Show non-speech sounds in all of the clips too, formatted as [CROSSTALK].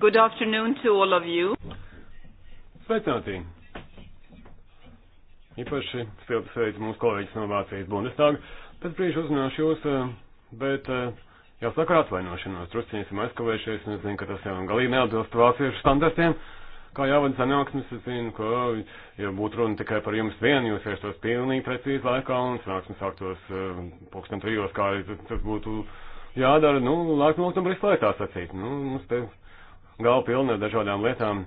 Good afternoon to all of you. Sveicināti! Īpaši silti sveicu mūsu kolēģis no Vācijas Bundestāga. Pēc brīža uzrunāšu jūs, eh, bet eh, jāsaka atvainošanos. Trusciņi esam aizkavējušies, un es zinu, ka tas jau galīgi neatbilst vāciešu standartiem. Kā jāvada sanāksmes, es zinu, ka, ja būtu runa tikai par jums vienu, jūs vēršos pilnīgi precīzi laikā, un sanāksmes sāktos eh, pulksten trijos, kā tas būtu jādara, nu, laikam lūgtam brīslētā sacīt. Nu, mums te galvu pilnu ar dažādām lietām,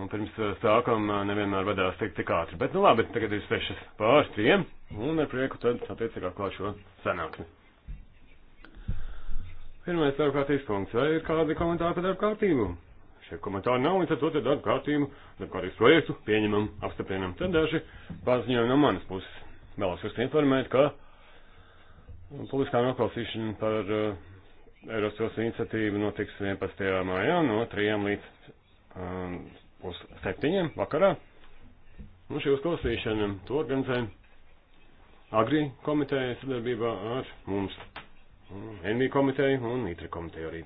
un pirms eh, sākam eh, nevienmēr vadās tik, tik ātri. Bet, nu labi, tagad ir sešas pārs tiem, un ar prieku tad attiecīgā klāt šo sanāksmi. Pirmais darbkārtības punkts. Vai ir kādi komentāri par darbkārtību? Šie komentāri nav, līdz ar to tad darbkārtību, darbkārtības projektu pieņemam, apstiprinam. Tad daži paziņojumi no manas puses. Vēlos jūs informēt, ka publiskā noklausīšana par uh, Eirosils iniciatīva notiks 11. mājā no 3 līdz um, 7. vakarā. Un šī uzklausīšana to organizē Agri komiteja sadarbībā ar mums, NV komiteju un ITRE komiteju arī.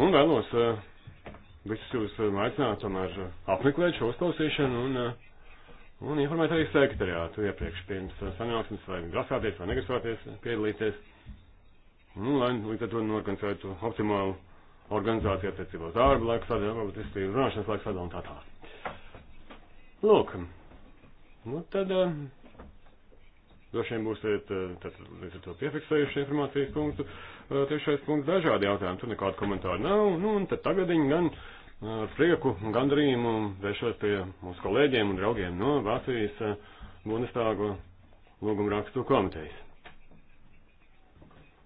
Un vēlos uh, visus jūs uh, aicināt tomēr apmeklēt šo uzklausīšanu un uh, Un informēt arī sekretariātu iepriekš pirms uh, sanāksmes, vai grasāties vai negrasāties uh, piedalīties. Nu, lai līdz ar to norganizētu optimālu organizāciju attiecībā uz darbu, laiku sadalu, varbūt izstīvu runāšanas laiku sadalu un tā tā. Lūk, nu tad uh, droši vien būsiet tad, līdz ar to piefiksējuši informācijas punktu. Trešais punkts dažādi jautājumi, tur nekādu komentāru nav. Nu, un tad tagad viņi gan. Uh, ar prieku un gandarījumu vēršos pie mūsu kolēģiem un draugiem no Vācijas eh, Bundestāgo lūgumrakstu komitejas.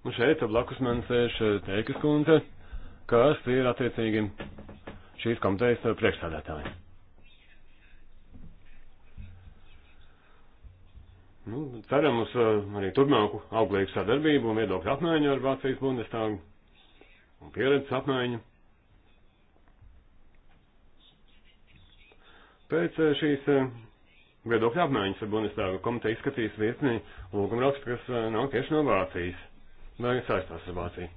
Un šeit blakus man sēž eh, Teikas kundze, kas ir attiecīgi šīs komitejas eh, priekšstādātāji. Nu, ceram uz arī turpmāku auglīgu sadarbību un viedokļu apmaiņu ar Vācijas Bundestāgu un pieredzes apmaiņu. Pēc eh, šīs eh, viedokļa apmaiņas ar Bundestāga komiteju izskatīs virkni lūguma rakstu, kas eh, nav tieši no Vācijas vai saistās ar Vāciju.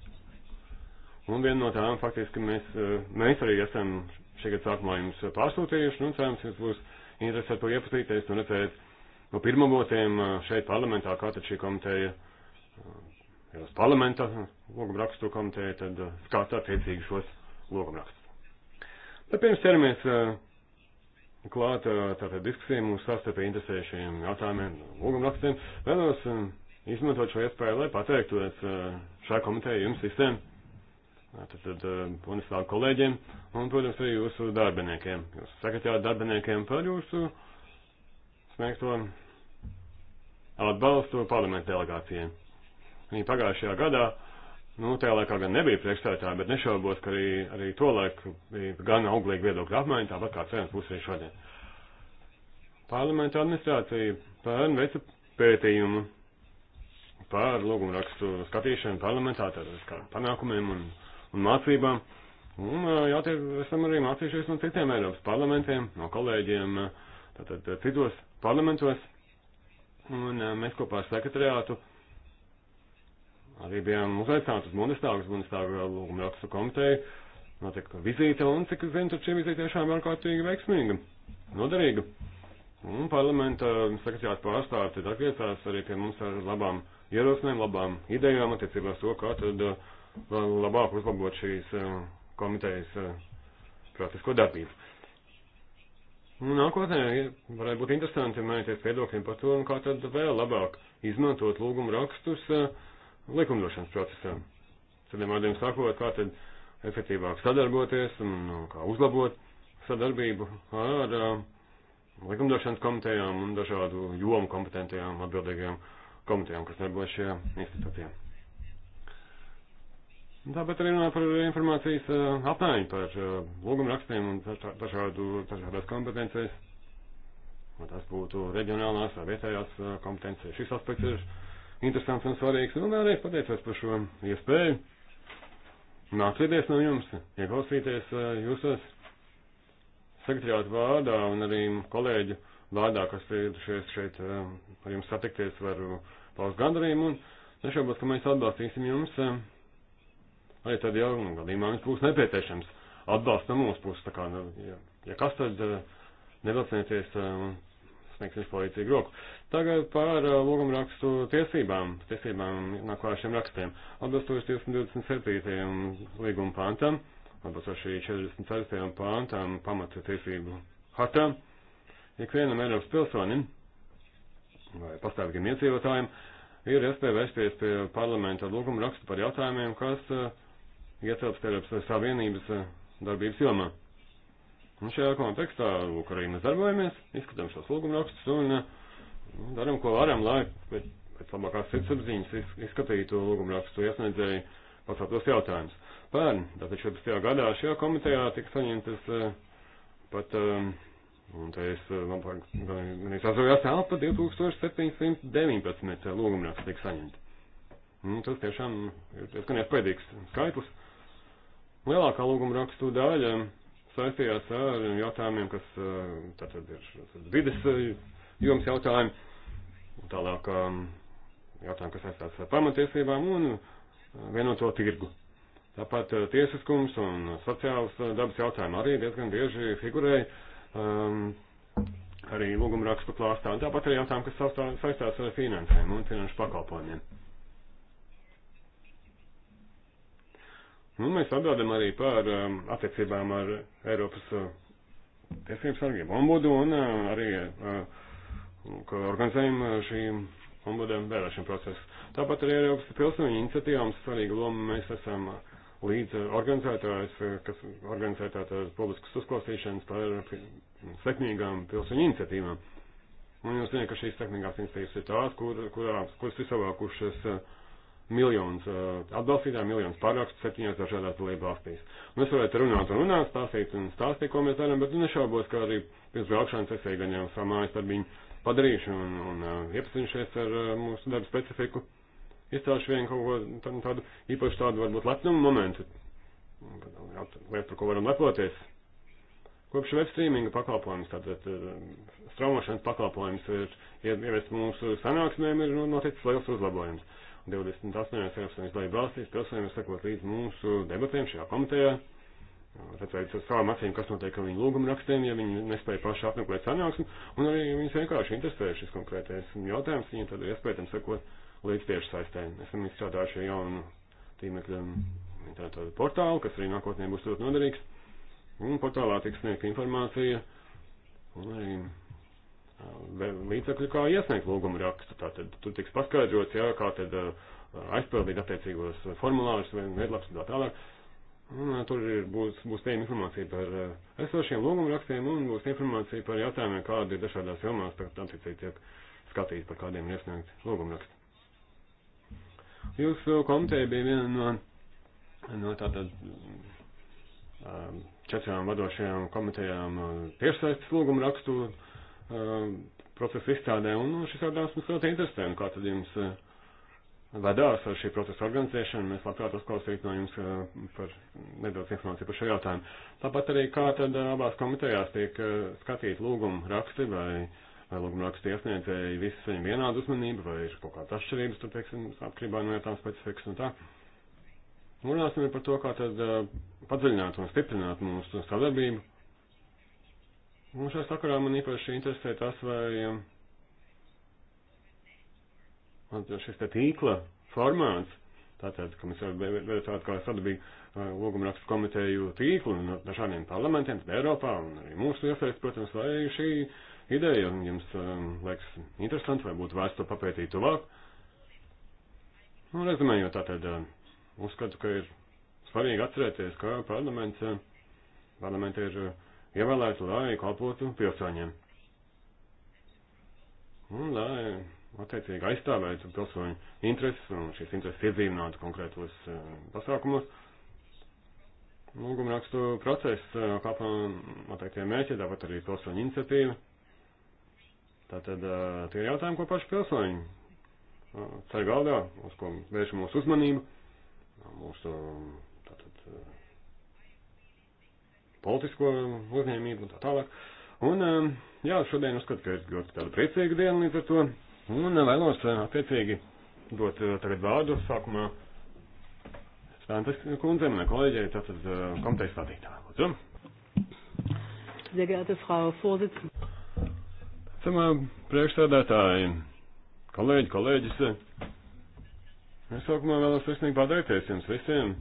Un viena no tām faktiski mēs, mēs arī esam šī gada sākumā jums pārsūtījuši, nu, cerams, jums būs interesi ar to iepazīties un redzēt no pirmavotiem šeit parlamentā, kā tad šī komiteja, Eiropas parlamenta logumrakstu komiteja, tad skata attiecīgi šos logumrakstus. Tad pirms ķeramies klāt tātad diskusijām un sastapē interesējušiem jautājumiem, lūgumrakstiem. Vēlos izmantot šo iespēju, lai pateiktos šā komiteja jums visiem, tātad universitāru kolēģiem un, protams, arī jūsu darbiniekiem, jūsu sekretāru darbiniekiem par jūsu sniegto atbalstu parlamentu delegācijiem. Viņi pagājušajā gadā Nu, tajā laikā gan nebija priekšstādātāji, bet nešaubos, ka arī, arī to laiku bija gan auglīga viedokļa apmaiņa, tāpat kā cenas būs arī šodien. Parlamenta administrācija pērn veica pētījumu par lūgumu rakstu skatīšanu parlamentā, tātad kā panākumiem un, un mācībām. Un jātiek, esam arī mācījušies no citiem Eiropas parlamentiem, no kolēģiem, tātad citos parlamentos. Un mēs kopā ar sekretariātu arī bijām uzaicināti uz Bundestāgas, Bundestāga lūguma rakstu komiteju. Notika vizīte, un cik es zinu, tad šī vizīte tiešām ārkārtīgi veiksmīga, noderīga. Un parlamenta sekretārs pārstāvis tad atgriezās arī pie mums ar labām ierosinājumiem, labām idejām attiecībā uz to, kā tad uh, labāk uzlabot šīs uh, komitejas uh, praktisko darbību. Un nu, nākotnē varētu būt interesanti mainīties viedokļiem par to, kā tad vēl labāk izmantot lūgumu rakstus. Uh, likumdošanas procesam. Citiem vārdiem sakot, kā tad efektīvāk sadarboties un nu, kā uzlabot sadarbību ar uh, likumdošanas komitejām un dažādu jomu kompetentajām atbildīgajām komitejām, kas darbojas šajā institūcijā. Tāpat arī runā par informācijas uh, apmaiņu, par uh, lūgumrakstiem un dažādu, dažādās kompetencijas. Un tas būtu reģionālās vai vietējās kompetences. Šis aspekts ir interesants un svarīgs. Un vēlreiz pateicos par šo iespēju nākties no jums, ieklausīties eh, jūsos sekretariātu vārdā un arī kolēģu vārdā, kas ieradušies šeit eh, ar jums satikties, varu paust gandarījumu un nešaubos, ka mēs atbalstīsim jums. Eh, arī tad jau gadījumā jums būs nepieciešams atbalsts no mūsu puses. Tā kā, nu, ja, ja kas tad nevilcieties un sniegs izpalīdzīgu roku. Tagad par uh, lūgumrakstu tiesībām, tiesībām nākā šiem rakstiem. Atbilstoši 227. līguma pāntam, atbilstoši 46. pāntam pamata tiesību hatā, ikvienam Eiropas pilsonim vai pastāvīgiem iedzīvotājiem ir iespēja vērsties pie parlamenta lūgumrakstu par jautājumiem, kas uh, ietilpst Eiropas Savienības uh, darbības jomā. Un nu, šajā kontekstā, lūk, arī mēs darbojamies, izskatām šos lūgumrakstus un eh, nu, darām, ko varam, lai pēc, pēc labākās sirdsapziņas iz, izskatītu lūgumrakstu iesniedzēju paceltos jautājumus. Pērn, tātad 14. gadā šajā komitejā tika saņemtas eh, pat, um, un te es man par, gan, gan es atzojās telpa, 2719 lūgumrakstu tika saņemti. Un nu, tas tiešām ir diezgan iespaidīgs skaitlis. Lielākā lūgumrakstu daļa. Um, saistījās ar jautājumiem, kas eh, tātad ir vides eh, joms jautājumi, tālāk um, jautājumi, kas saistās ar pamatiesībām un eh, vienoto tirgu. Tāpat tiesiskums un sociāls dabas jautājumi arī diezgan bieži figurēja um, arī lūguma rakstu klāstā. Un tāpat arī jautājumi, kas saistās ar finansēm un finanšu pakalpojumiem. Nu, mēs atbildam arī par um, attiecībām ar Eiropas uh, tiesības sargiem ombudu un uh, arī, uh, ka organizējam uh, šīm ombudiem vēlēšanu procesu. Tāpat arī Eiropas pilsoņu iniciatīvām svarīga loma mēs esam uh, līdz uh, organizētājs, kas organizē tātad publiskas uzklausīšanas par sekmīgām pilsoņu iniciatīvām. Un jūs zināt, ka šīs sekmīgās iniciatīvas ir tās, kur, kurās, kuras ir savākušas uh, miljonus atbalstītāju, miljonus parakstu septiņās dažādās dalību valstīs. Un es varētu runāt un runāt, stāstīt un stāstīt, ko mēs darām, bet nu nešaubos, ka arī pirms braukšanas es eju gan jau samājas ar viņu padarīšu un, un uh, iepazinušies ar uh, mūsu darbu specifiku. Izcelšu vienu kaut ko tādu īpaši tādu varbūt lepnumu momentu. Lietu, par ko varam lepoties. Kopš web streaminga pakalpojums, tātad straumošanas pakalpojums ir ieviest mūsu sanāksmēm, ir noticis liels uzlabojums. 28. Eiropas dalību valstīs pilsoņiem sekot līdz mūsu debatēm šajā komitejā, redzēt uz savām acīm, kas notiek ar viņu lūgumu rakstiem, ja viņi nespēja paši apmeklēt sanāksmi, un arī viņus vienkārši interesē šis konkrētais jautājums, viņiem tad ir iespējams sekot līdz tieši saistēm. Esam izstrādājuši jaunu tīmekļa internetu portālu, kas arī nākotnē būs ļoti noderīgs, un portālā tiks sniegta informācija, un arī līdzekļu, kā iesniegt lūgumu rakstu. Tātad tur tiks paskaidrots, jā, kā tad uh, aizpildīt attiecīgos formulārus vai nedlaps un tā tālāk. Un, uh, tur ir, būs, būs pieejama informācija par uh, esošiem lūgumu rakstiem un būs informācija par jautājumiem, kādi ir dažādās jomās, tagad attiecīgi tiek skatīts, par kādiem ir iesniegts lūgumu raksts. Jūsu komiteja bija viena no, no tātad um, četrām vadošajām komitejām tiešsaistes lūgumu rakstu Uh, procesa izstrādē, un nu, šis jautājums mums ļoti interesē, un kā tad jums uh, vedās ar šī procesa organizēšanu, mēs labprāt uzklausītu no jums uh, par nedaudz informāciju par šo jautājumu. Tāpat arī kā tad abās komitejās tiek skatīt lūgumu raksti vai, vai lūgumu raksti iesniedzēji, visi saņem vienādu uzmanību, vai ir kaut kādas atšķirības, tur, teiksim, atkarībā no tām specifikas un tā. Runāsim par to, kā tad padziļināt un stiprināt mūsu sadarbību Un šajā sakarā man īpaši interesē tas, vai šis te tīkla formāts, tātad, ka mēs varam tādu kā sadarbību logumrakstu komiteju tīklu no dažādiem parlamentiem, tad Eiropā un arī mūsu iesaist, protams, vai šī ideja jums liekas interesanti, vai būtu vērts to papētīt tuvāk. Nu, rezumējot, tātad uzskatu, ka ir svarīgi atcerēties, ka parlaments, parlamenta ir. Uh, ievēlētu, lai kalpotu pilsoņiem. Un lai, attiecīgi, aizstāvētu pilsoņu intereses un šīs intereses iedzīvinātu konkrētos uh, pasākumos. Lūguma rakstu process uh, eh, kāpā noteiktie mērķi, tāpat arī pilsoņu iniciatīva. Tātad uh, tie ir jautājumi, ko paši pilsoņi ceļ galdā, uz ko vērš mūsu uzmanību, mūsu tātad, politisko uzņēmību un tā tālāk. Un, um, jā, šodien uzskatu, ka ir ļoti tāda priecīga diena līdz ar to. Un uh, vēlos uh, attiecīgi dot uh, tagad vārdu sākumā Santas kundzei, manai kolēģei, tātad komitejas vadītājai. Lūdzu. Sehr geehrte Frau Vorsitzende. Samā priekšstādātāji, kolēģi, kolēģis, es sākumā vēlos sirsnīgi pateikties jums visiem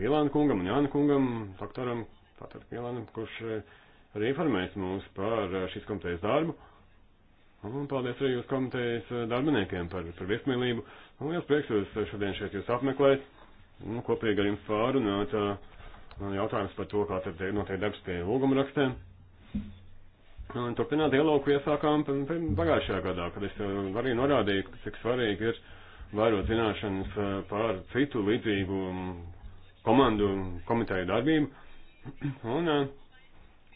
Vīlāna kungam un Jāna kungam, doktoram, tātad Vīlānam, kurš eh, arī informēs mūs par eh, šīs komitejas darbu. Un paldies arī jūs komitejas eh, darbiniekiem par, par viesmīlību. Un liels prieks jūs šodien šeit jūs apmeklēt. Un nu, kopīgi ar jums pārunāt jautājums par to, kā tad notiek darbs pie lūgumrakstiem. Un turpināt dialogu, ko iesākām pagājušajā gadā, kad es arī norādīju, cik svarīgi ir vairot zināšanas par citu līdzīgu komandu un komiteju darbību. [CLEARS THROAT] Un eh,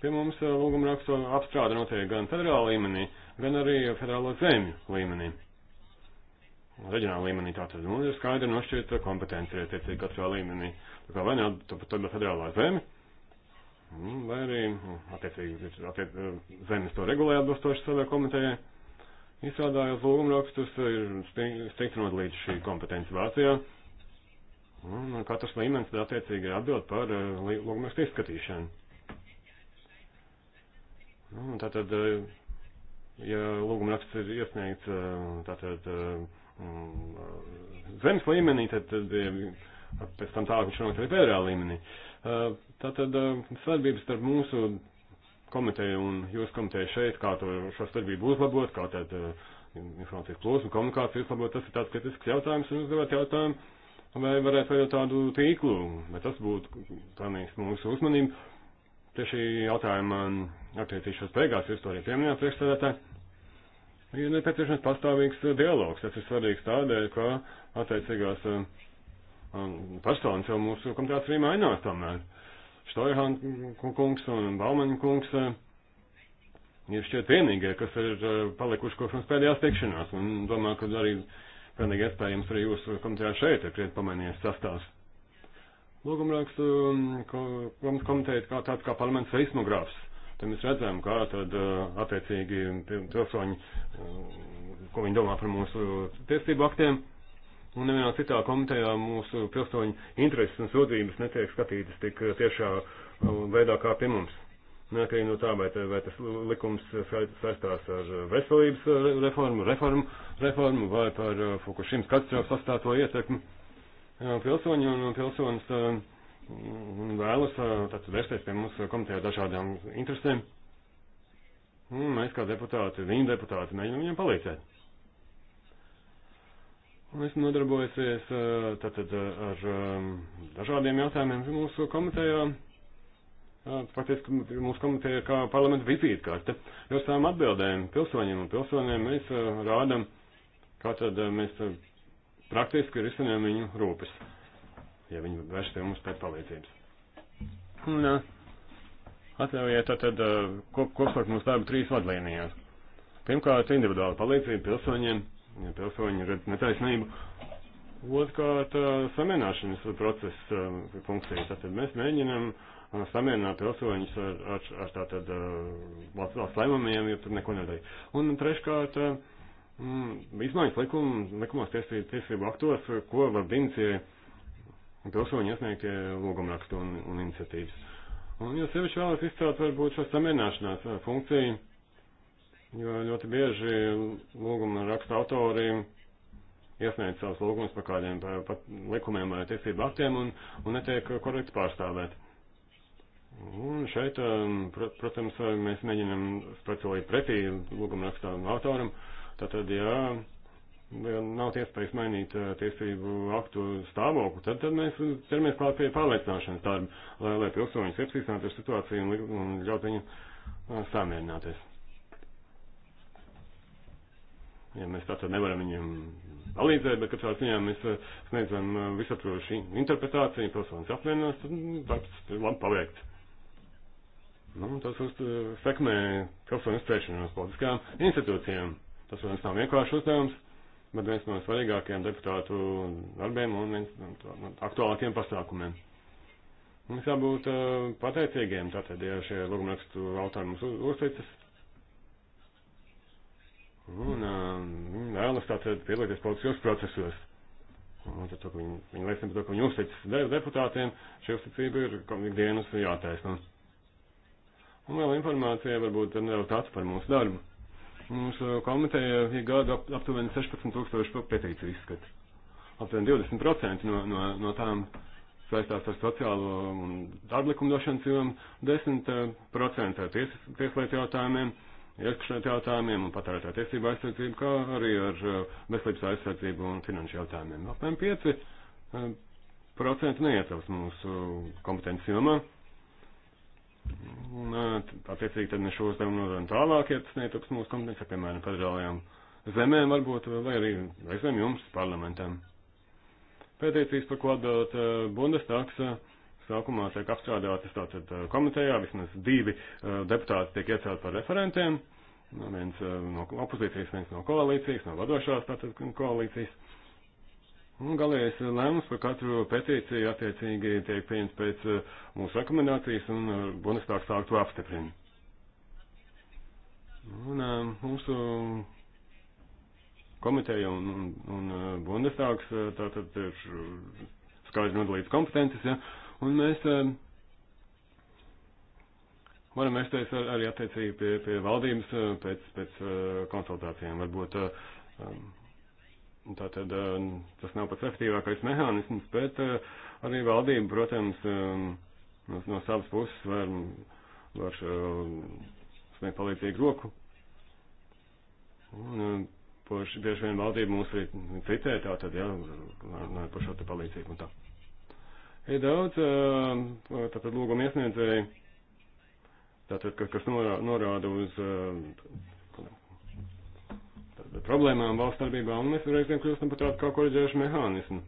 pie mums eh, lūguma rakstu apstrāde notiek gan federāla līmenī, gan arī federālo zemju līmenī. Reģionāla līmenī tātad, un ir skaidri nošķirta kompetencija attiecīgi katrā līmenī. Tā kā vai ne, tad federālā zemi, vai arī, nu, attiecīgi, attiec, eh, zemes to regulē atbilstoši savai komitejai. Izstrādājot lūgumrakstus, ir stingri nodalīta šī kompetence Vācijā. Nu, un katrs līmenis tad attiecīgi atbild par eh, lūgumrakstu izskatīšanu. Nu, un tātad, eh, ja lūgumraksts ir iesniegts eh, tātad mm, zemes līmenī, tad, tad pēc tam tālāk viņš nonāk arī federālā līmenī. Tātad sadarbības starp mūsu komiteju un jūsu komiteju šeit, kā to šo sadarbību uzlabot, kā tad informācijas plūsmu, komunikāciju uzlabot, tas ir tāds kritisks jautājums un uzdevot jautājumu vai varētu veidot tādu tīklu, vai tas būtu pelnījis mūsu uzmanību. Pie šī jautājuma attiecīšos beigās, jūs to arī pieminējāt priekšstādātāji. Ir nepieciešams pastāvīgs dialogs, tas ir svarīgs tādēļ, ka attiecīgās um, personas jau mūsu komitēts arī mainās tomēr. Štoihān kungs un Baumaņa kungs um, ir šķiet vienīgie, kas ir uh, palikuši kopš mums pēdējās tikšanās, un domāju, ka arī pilnīgi iespējams arī jūsu komitejā šeit ir krietni pamainījies sastāvs. Lūgumrakstu um, komiteja kā tāds kā parlaments seismogrāfs. Tad mēs redzam, kā tad uh, attiecīgi pilsoņi, uh, ko viņi domā par mūsu tiesību aktiem. Un nevienā citā komitejā mūsu pilsoņu intereses un sūdzības netiek skatītas tik uh, tiešā veidā kā pie mums neatkarīgi no tā, vai, vai tas likums saistās ar uh, veselības uh, reformu, reformu, reformu vai par uh, Fukushimas katastrofu sastāto ietekmi. Pilsoņi un pilsonis vēlas vērsties pie mums komitejā dažādām interesēm. Un mēs kā deputāti, viņa deputāti, mēģinām viņam palīdzēt. Esmu nodarbojusies tātad ar um, dažādiem jautājumiem mūsu komitejā faktiski mūsu komiteja kā parlamenta vizītkarte. Jo savām atbildēm pilsoņiem un pilsoniem mēs rādam, kā tad mēs praktiski risinām viņu rūpes, ja viņi vērš pie mums pēc palīdzības. Un atļaujiet tātad kop, kopsākt mūsu darbu trīs vadlīnijās. Pirmkārt, individuāla palīdzība pilsoņiem, ja pilsoņi redz netaisnību. Otrkārt, samierināšanas procesa funkcija. Tātad mēs mēģinām uh, samierināt pilsoņus ar, ar, ar tātad valsts lēmumiem, jo tur neko nedarīja. Un treškārt, mm, izmaiņas likuma, likumos tiesību, tiesību aktos, ko var vincie pilsoņu iesniegtie lūgumrakstu un, un iniciatīvas. Un jo sevišķi vēlas izcelt varbūt šo samierināšanās funkciju, jo ļoti bieži lūguma raksta autori iesniedz savus lūgumus par kādiem par, par likumiem vai tiesību aktiem un, un netiek korekti pārstāvēt. Un šeit, um, protams, uh, mēs mēģinam spracot pretī lūguma rakstām autoram. Tātad, ja nav iespējas mainīt uh, tiesību aktu stāvokli, tad, tad mēs ķeramies klāt pie pārliecināšanas darba, lai, lai pilsoņus iepazīstinātu ar situāciju un, un ļaut viņiem uh, samierināties. Ja mēs tātad nevaram viņiem palīdzēt, bet katrā ziņā mēs sniedzam visaptvarošu interpretāciju, pilsonis apvienās, tad darbs nu, ir labi paveikts. Nu, tas uz, eh, sekmē pilsoņu spriešanos politiskām institūcijām. Tas, protams, nav vienkārši uzdevums, bet viens no svarīgākajiem deputātu darbiem un viens no aktuālākiem pasākumiem. Mums jābūt uh, pateicīgiem, tātad, ja šie lūgumrakstu autori mums uzticas. Un uh, vēlas tātad piedalīties politiskos procesos. Un tad to, ka viņi, viņi liecina par to, ka viņi uzticas deputātiem, šī uzticība ir ikdienas jātaisno. Nu. Un vēl informācija varbūt nedaudz tāds par mūsu darbu. Mūsu komiteja ir gada ap, aptuveni 16 tūkstoši petīciju izskatu. Aptuveni 20% no, no, no tām saistās ar sociālo un darba likumdošanas jomu, 10% eh, ar ties, tieslietu jautājumiem, iekšlietu jautājumiem un patērētā tiesību aizsardzību, kā arī ar eh, veselības aizsardzību un finanšu jautājumiem. Apmēram 5% eh, neietilps mūsu kompetenci jomā. Un, attiecīgi, tad šo uzdevumu nododam tālāk, ja tas netiks mūsu kompetencijā, piemēram, federālajām zemēm, varbūt, vai arī reizēm jums, parlamentam. Pētīcijas, par ko atbild Bundestags, sākumā tiek apstrādātas tātad komitejā, vismaz divi deputāti tiek iecelt par referentiem, viens no opozīcijas, viens no koalīcijas, no vadošās tātad koalīcijas. Un galējais lēmums par katru petīciju attiecīgi tiek pieņemts pēc eh, mūsu rekomendācijas un eh, Bundestāgs sāk to apstiprina. Un eh, mūsu komiteja un, un, un Bundestāgs tātad ir skaidri nodalīts kompetences, ja, un mēs varam vērsties ar, arī attiecīgi pie, pie valdības pēc, pēc konsultācijām. Varbūt Tātad eh, tas nav pats efektīvākais mehānisms, bet eh, arī valdība, protams, eh, no, no savas puses var, var sniegt palīdzīgu roku. Un, Poši, bieži vien valdība mūs arī citē, tā tad, jā, runāja par šo te palīdzību un tā. Ir daudz, tātad lūguma iesniedzēji, tātad, kas norāda uz problēmām valsts darbībā, un mēs reizēm kļūstam par tādu kā koreģējušu mehānismu,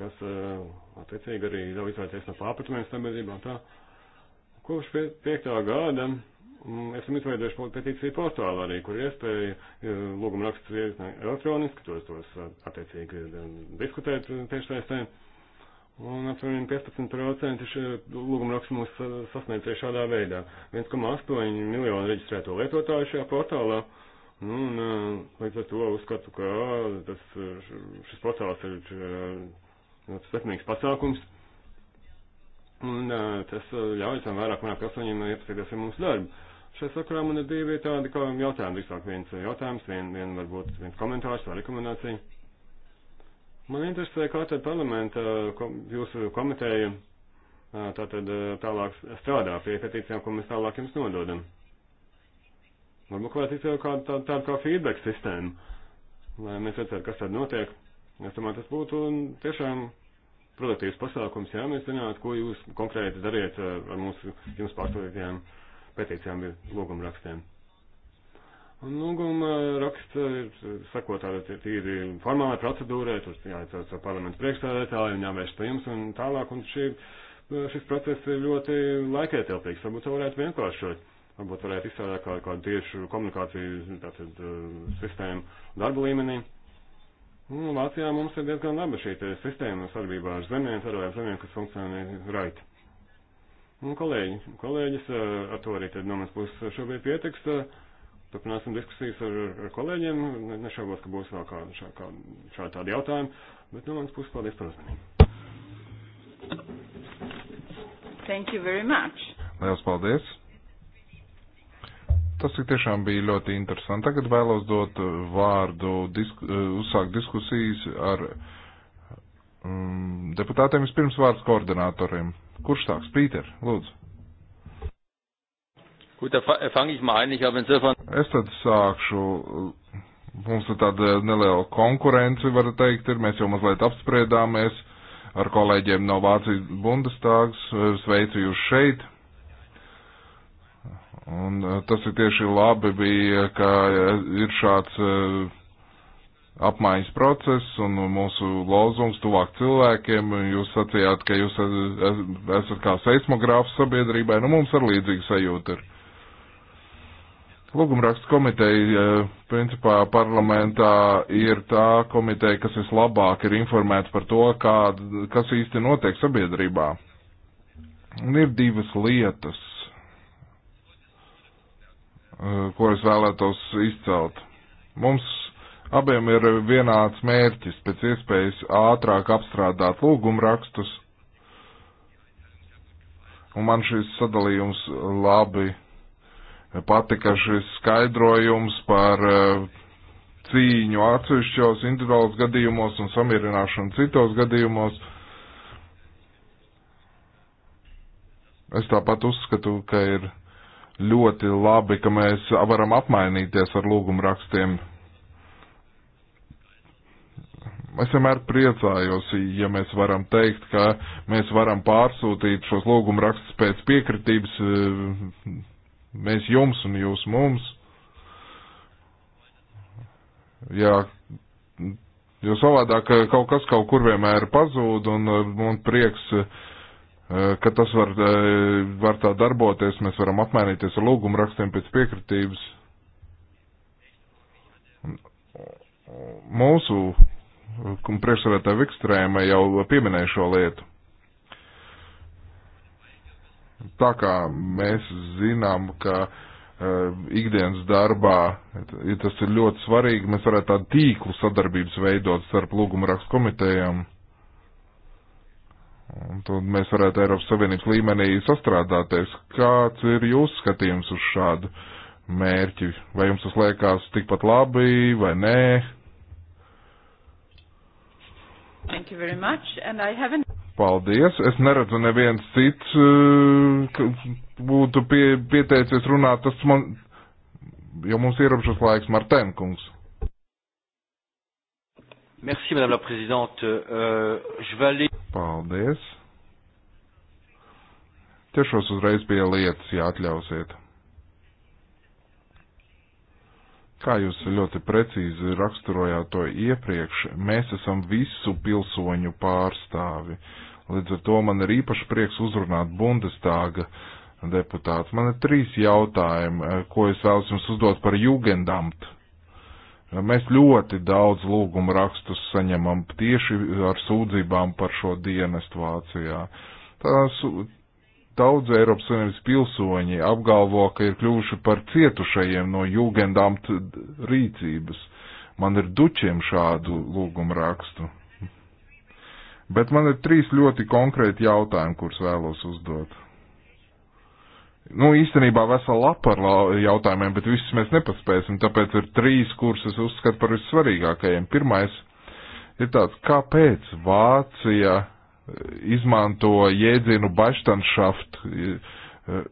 kas eh, attiecīgi arī jau izvairīties no pārpratumiem sabiedrībā. Tā. Kopš 5. gada mm, esam izveidojuši petīciju portālu arī, kur iespēja eh, lūguma rakstus ierakstīt elektroniski, tos, tos eh, attiecīgi diskutēt tiešsaistē. Un apmēram 15% lūguma rakstu mūs sasniedz tieši šādā veidā. 1,8 miljonu reģistrēto lietotāju šajā portālā. Uh, Nu, un, eh, līdz ar to uzskatu, ka eh, tas, eh, šis portāls ir sekmīgs pasākums. Un tas ļauj tam vairāk manā pilsoņiem iepazīties ar mūsu darbu. Šai sakarā man ir divi tādi kā jautājumi. Visāk viens jautājums, vien, vien varbūt viens komentārs vai rekomendācija. Man interesē, kā tad parlamenta jūsu komiteja tātad tālāk strādā pie petīcijām, ko mēs tālāk jums nododam. Varbūt varētu izveidot kādu tādu, tādu kā feedback sistēmu, lai mēs redzētu, kas tad notiek. Es domāju, tas būtu tiešām produktīvs pasākums, ja mēs zinātu, ko jūs konkrēti dariet eh, ar mūsu jums pārstāvītajām pētīcijām ir lūguma rakstiem. Un lūguma raksts ir sakot tāda tīri formālai procedūrai, tur jāatcauc ar parlamentu priekšstādētāju un jāvērš pie jums un tālāk, un šī, šis process ir ļoti laikietilpīgs, varbūt to varētu vienkāršot varbūt varētu izstrādāt kā, kādu tiešu komunikāciju tātad, eh, sistēmu darba līmenī. Nu, Vācijā mums ir diezgan laba šī sistēma sadarbībā ar zemēm, sadarbībā ar zemēm, kas funkcionē raiti. Un nu, kolēģi, kolēģis eh, ar to arī tad no mums būs šobrīd pietiks. Eh, turpināsim diskusijas ar, ar kolēģiem. Nešaubos, ka būs vēl kādi šā, kā, šādi tādi jautājumi, bet no mums būs paldies par uzmanību. Thank you very much. Lielas paldies. Tas tik tiešām bija ļoti interesanti. Tagad vēlos dot vārdu, disku, eh, uzsākt diskusijas ar um, deputātiem. Vispirms vārds koordinatoriem. Kurš sāks? Pīter, lūdzu. Gut, da fange ich mal ein. Ich habe insofern. Es tad sākšu. Mums ir tāda neliela konkurence, var teikt, ir. Mēs jau mazliet apspriedāmies ar kolēģiem no Vācijas Bundestāgas. Sveicu jūs šeit. Un eh, tas ir tieši labi bija, ka eh, ir šāds eh, apmaiņas process un mūsu lozums tuvāk cilvēkiem. Jūs sacījāt, ka jūs esat kā seismogrāfs sabiedrībai, nu mums ar līdzīgu sajūtu ir. Lūgumrakstu komiteja, principā parlamentā ir tā komiteja, kas vislabāk ir informēta par to, kā, kas īsti notiek sabiedrībā. Un ir divas lietas, Eh, ko es vēlētos izcelt. Mums abiem ir vienāds mērķis pēc iespējas ātrāk apstrādāt lūgumrakstus, un man šis sadalījums labi patika šis skaidrojums par eh, cīņu atsevišķos individuālos gadījumos un samierināšanu citos gadījumos. Es tāpat uzskatu, ka ir ļoti labi, ka mēs varam apmainīties ar lūgumu rakstiem. Es vienmēr priecājos, ja mēs varam teikt, ka mēs varam pārsūtīt šos lūgumu rakstus pēc piekritības, eh, mēs jums un jūs mums. Jā, jo savādāk eh, kaut kas kaut kur vienmēr pazūd un, un eh, prieks uh, Eh, ka tas var, eh, var tā darboties, mēs varam apmainīties ar lūgumu rakstiem pēc piekritības. Mūsu priekšsarētā Vikstrēma jau pieminēja šo lietu. Tā kā mēs zinām, ka uh, ikdienas darbā tas ir ļoti svarīgi, mēs varētu tādu tīklu sadarbības veidot starp lūgumu rakstu komitejām Un tad mēs varētu Eiropas Savienības līmenī sastrādāties. Kāds ir jūsu skatījums uz šādu mērķi? Vai jums tas liekas tikpat labi vai nē? Thank you very much, and I haven't. Paldies. Es neredzu neviens cits eh, būtu pie, pieteicies runāt. Tas man, jo mums ierobežas laiks, Martēnkungs. Merci, Madame la Présidente. Euh, je vais aller... Paldies. Tiešos uzreiz pie lietas, ja atļausiet. Kā jūs ļoti precīzi raksturojāt to iepriekš, mēs esam visu pilsoņu pārstāvi. Līdz ar to man ir īpaši prieks uzrunāt Bundestāga deputāts. Man ir trīs jautājumi, ko es vēlos jums uzdot par Jugendamt Mēs ļoti daudz lūgumu rakstus saņemam tieši ar sūdzībām par šo dienestu Vācijā. Tās daudz Eiropas Savienības pilsoņi apgalvo, ka ir kļuvuši par cietušajiem no jūgendamt rīcības. Man ir dučiem šādu lūgumu rakstu. Bet man ir trīs ļoti konkrēti jautājumi, kurus vēlos uzdot. Nu, īstenībā vesela lapa ar jautājumiem, bet visus mēs nepaspēsim, tāpēc ir trīs kursus uzskat par vissvarīgākajiem. Pirmais ir tāds, kāpēc Vācija eh, izmanto jēdzienu baštanšaft, eh,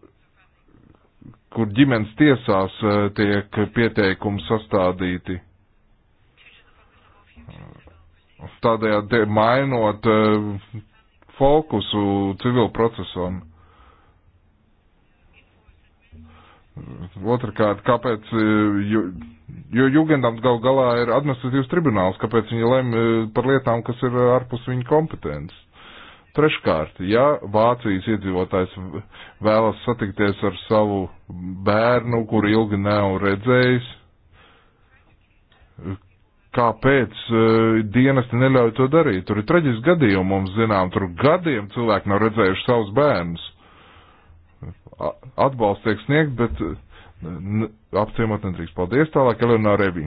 kur ģimenes tiesās eh, tiek pieteikumi sastādīti. Tādējādi mainot fokusu civilu procesu. Otrakārt, kāpēc, e, jo, jo Jugendam gal galā ir administratīvs tribunāls, kāpēc viņi lem e, par lietām, kas ir ārpus viņa kompetences. Treškārt, ja Vācijas iedzīvotājs vēlas satikties ar savu bērnu, kuru ilgi nav redzējis, kāpēc uh, dienesti neļauj to darīt. Tur ir traģiski gadījumi, mums zinām, tur gadiem cilvēki nav redzējuši savus bērnus atbalsts tiek sniegt, bet eh, apciemot nedrīkst. Paldies tālāk, Elena Revī.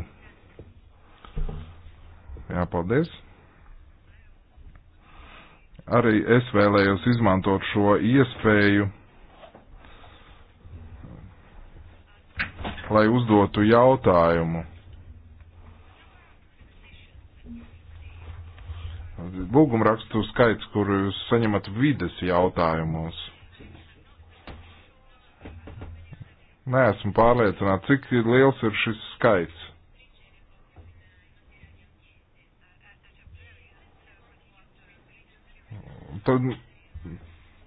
Jā, paldies. Arī es vēlējos izmantot šo iespēju, lai uzdotu jautājumu. Lūgumrakstu skaits, kur jūs saņemat vides jautājumos. Nē, esmu pārliecināts, cik liels ir šis skaits. Tad,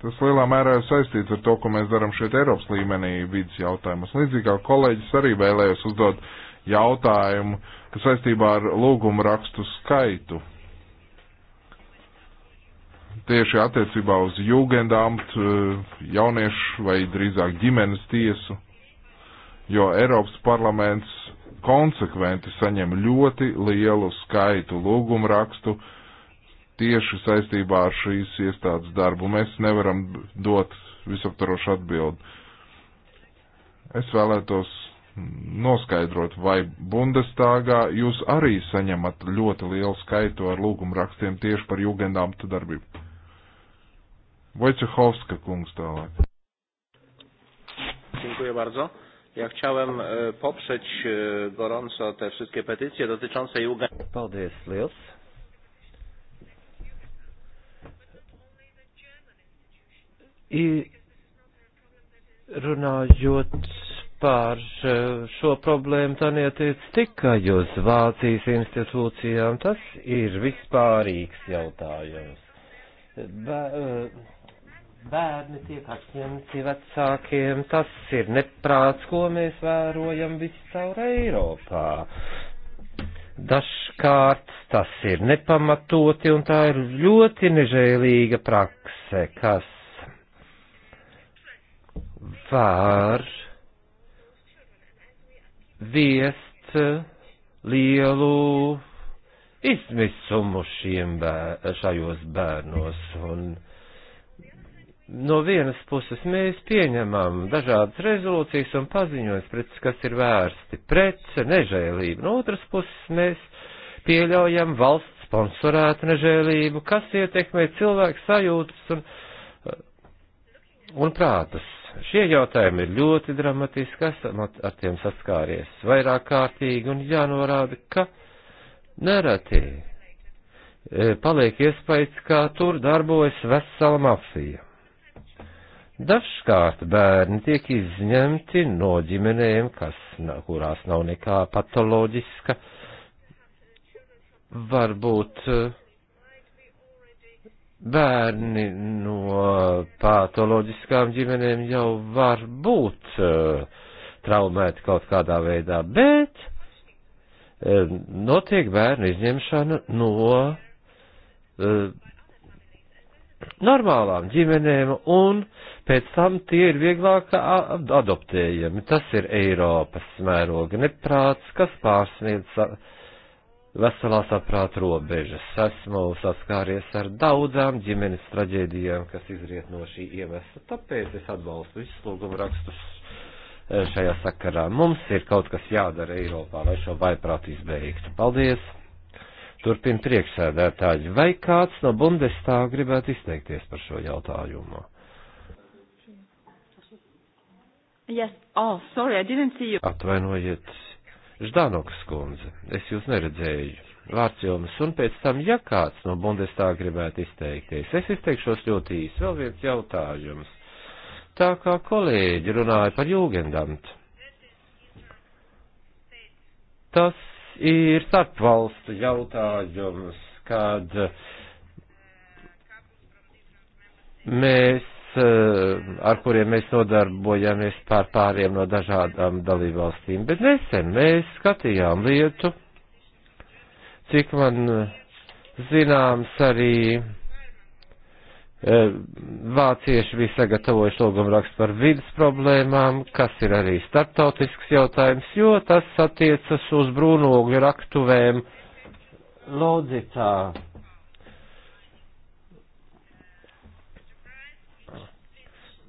tas lielā mērā ir saistīts ar to, ko mēs darām šeit Eiropas līmenī vidas jautājumus. Līdzīgi kā kolēģis arī vēlējos uzdot jautājumu, kas saistībā ar lūgumu rakstu skaitu. Tieši attiecībā uz jūgendamt, eh, jauniešu vai drīzāk ģimenes tiesu jo Eiropas parlaments konsekventi saņem ļoti lielu skaitu lūgumu rakstu tieši saistībā ar šīs iestādes darbu. Mēs nevaram dot visaptarošu atbildi. Es vēlētos noskaidrot, vai Bundestāgā jūs arī saņemat ļoti lielu skaitu ar lūgumu rakstiem tieši par jūgendāmta darbību. Vojcehovska kungs tālāk. Dziękuję bardzo. Ja chciałem e, poprzeć e, gorąco te wszystkie petycje dotyczące Ugandii. Paldies, Liels. I runājot par e, šo problēmu, tā netiec tikai uz Vācijas institūcijām, tas ir vispārīgs jautājums. Be, uh, bērni tiek atņemti vecākiem. Tas ir neprāts, ko mēs vērojam viscaur Eiropā. Dažkārt tas ir nepamatoti un tā ir ļoti nežēlīga prakse, kas var viest lielu izmisumu šiem bēr, šajos bērnos un no vienas puses mēs pieņemam dažādas rezolūcijas un paziņojums, pret, kas ir vērsti pret nežēlību, no otras puses mēs pieļaujam valsts sponsorētu nežēlību, kas ietekmē cilvēku sajūtas un, un prātas. Šie jautājumi ir ļoti dramatiski, esam ar tiem saskāries vairāk kārtīgi un jānorāda, ka nereti e, paliek iespējas, ka tur darbojas vesela mafija. Dažkārt bērni tiek izņemti no ģimenēm, kas, kurās nav nekā patoloģiska. Varbūt eh, bērni no patoloģiskām ģimenēm jau var būt eh, traumēti kaut kādā veidā, bet eh, notiek bērnu izņemšana no normālām ģimenēm, un pēc tam tie ir vieglāk adoptējami. Tas ir Eiropas mēroga neprāts, kas pārsniedz veselā saprāta robežas. Esmu saskāries ar daudzām ģimenes traģēdijām, kas izriet no šī iemesla. Tāpēc es atbalstu visus lūgumu rakstus e, šajā sakarā. Mums ir kaut kas jādara Eiropā, lai šo vaiprātu izbeigtu. Paldies! Turpin priekšsēdētāji, vai kāds no Bundestā gribētu izteikties par šo jautājumu? Yes. Oh, sorry, I didn't see you. Atvainojiet, Ždanoks kundze, es jūs neredzēju. Vārds jums, un pēc tam, ja kāds no Bundestā gribētu izteikties, es izteikšos ļoti īsi. Vēl viens jautājums. Tā kā kolēģi runāja par jūgendamtu. Tas ir starpvalstu jautājums, kad mēs, eh, ar kuriem mēs nodarbojamies pār pāriem no dažādām dalībvalstīm, bet nesen mēs skatījām lietu, cik man eh, zināms arī E, vācieši bija sagatavojuši logumrakstu par vidas problēmām, kas ir arī startautisks jautājums, jo tas attiecas uz brūnogļu raktuvēm Lodzicā.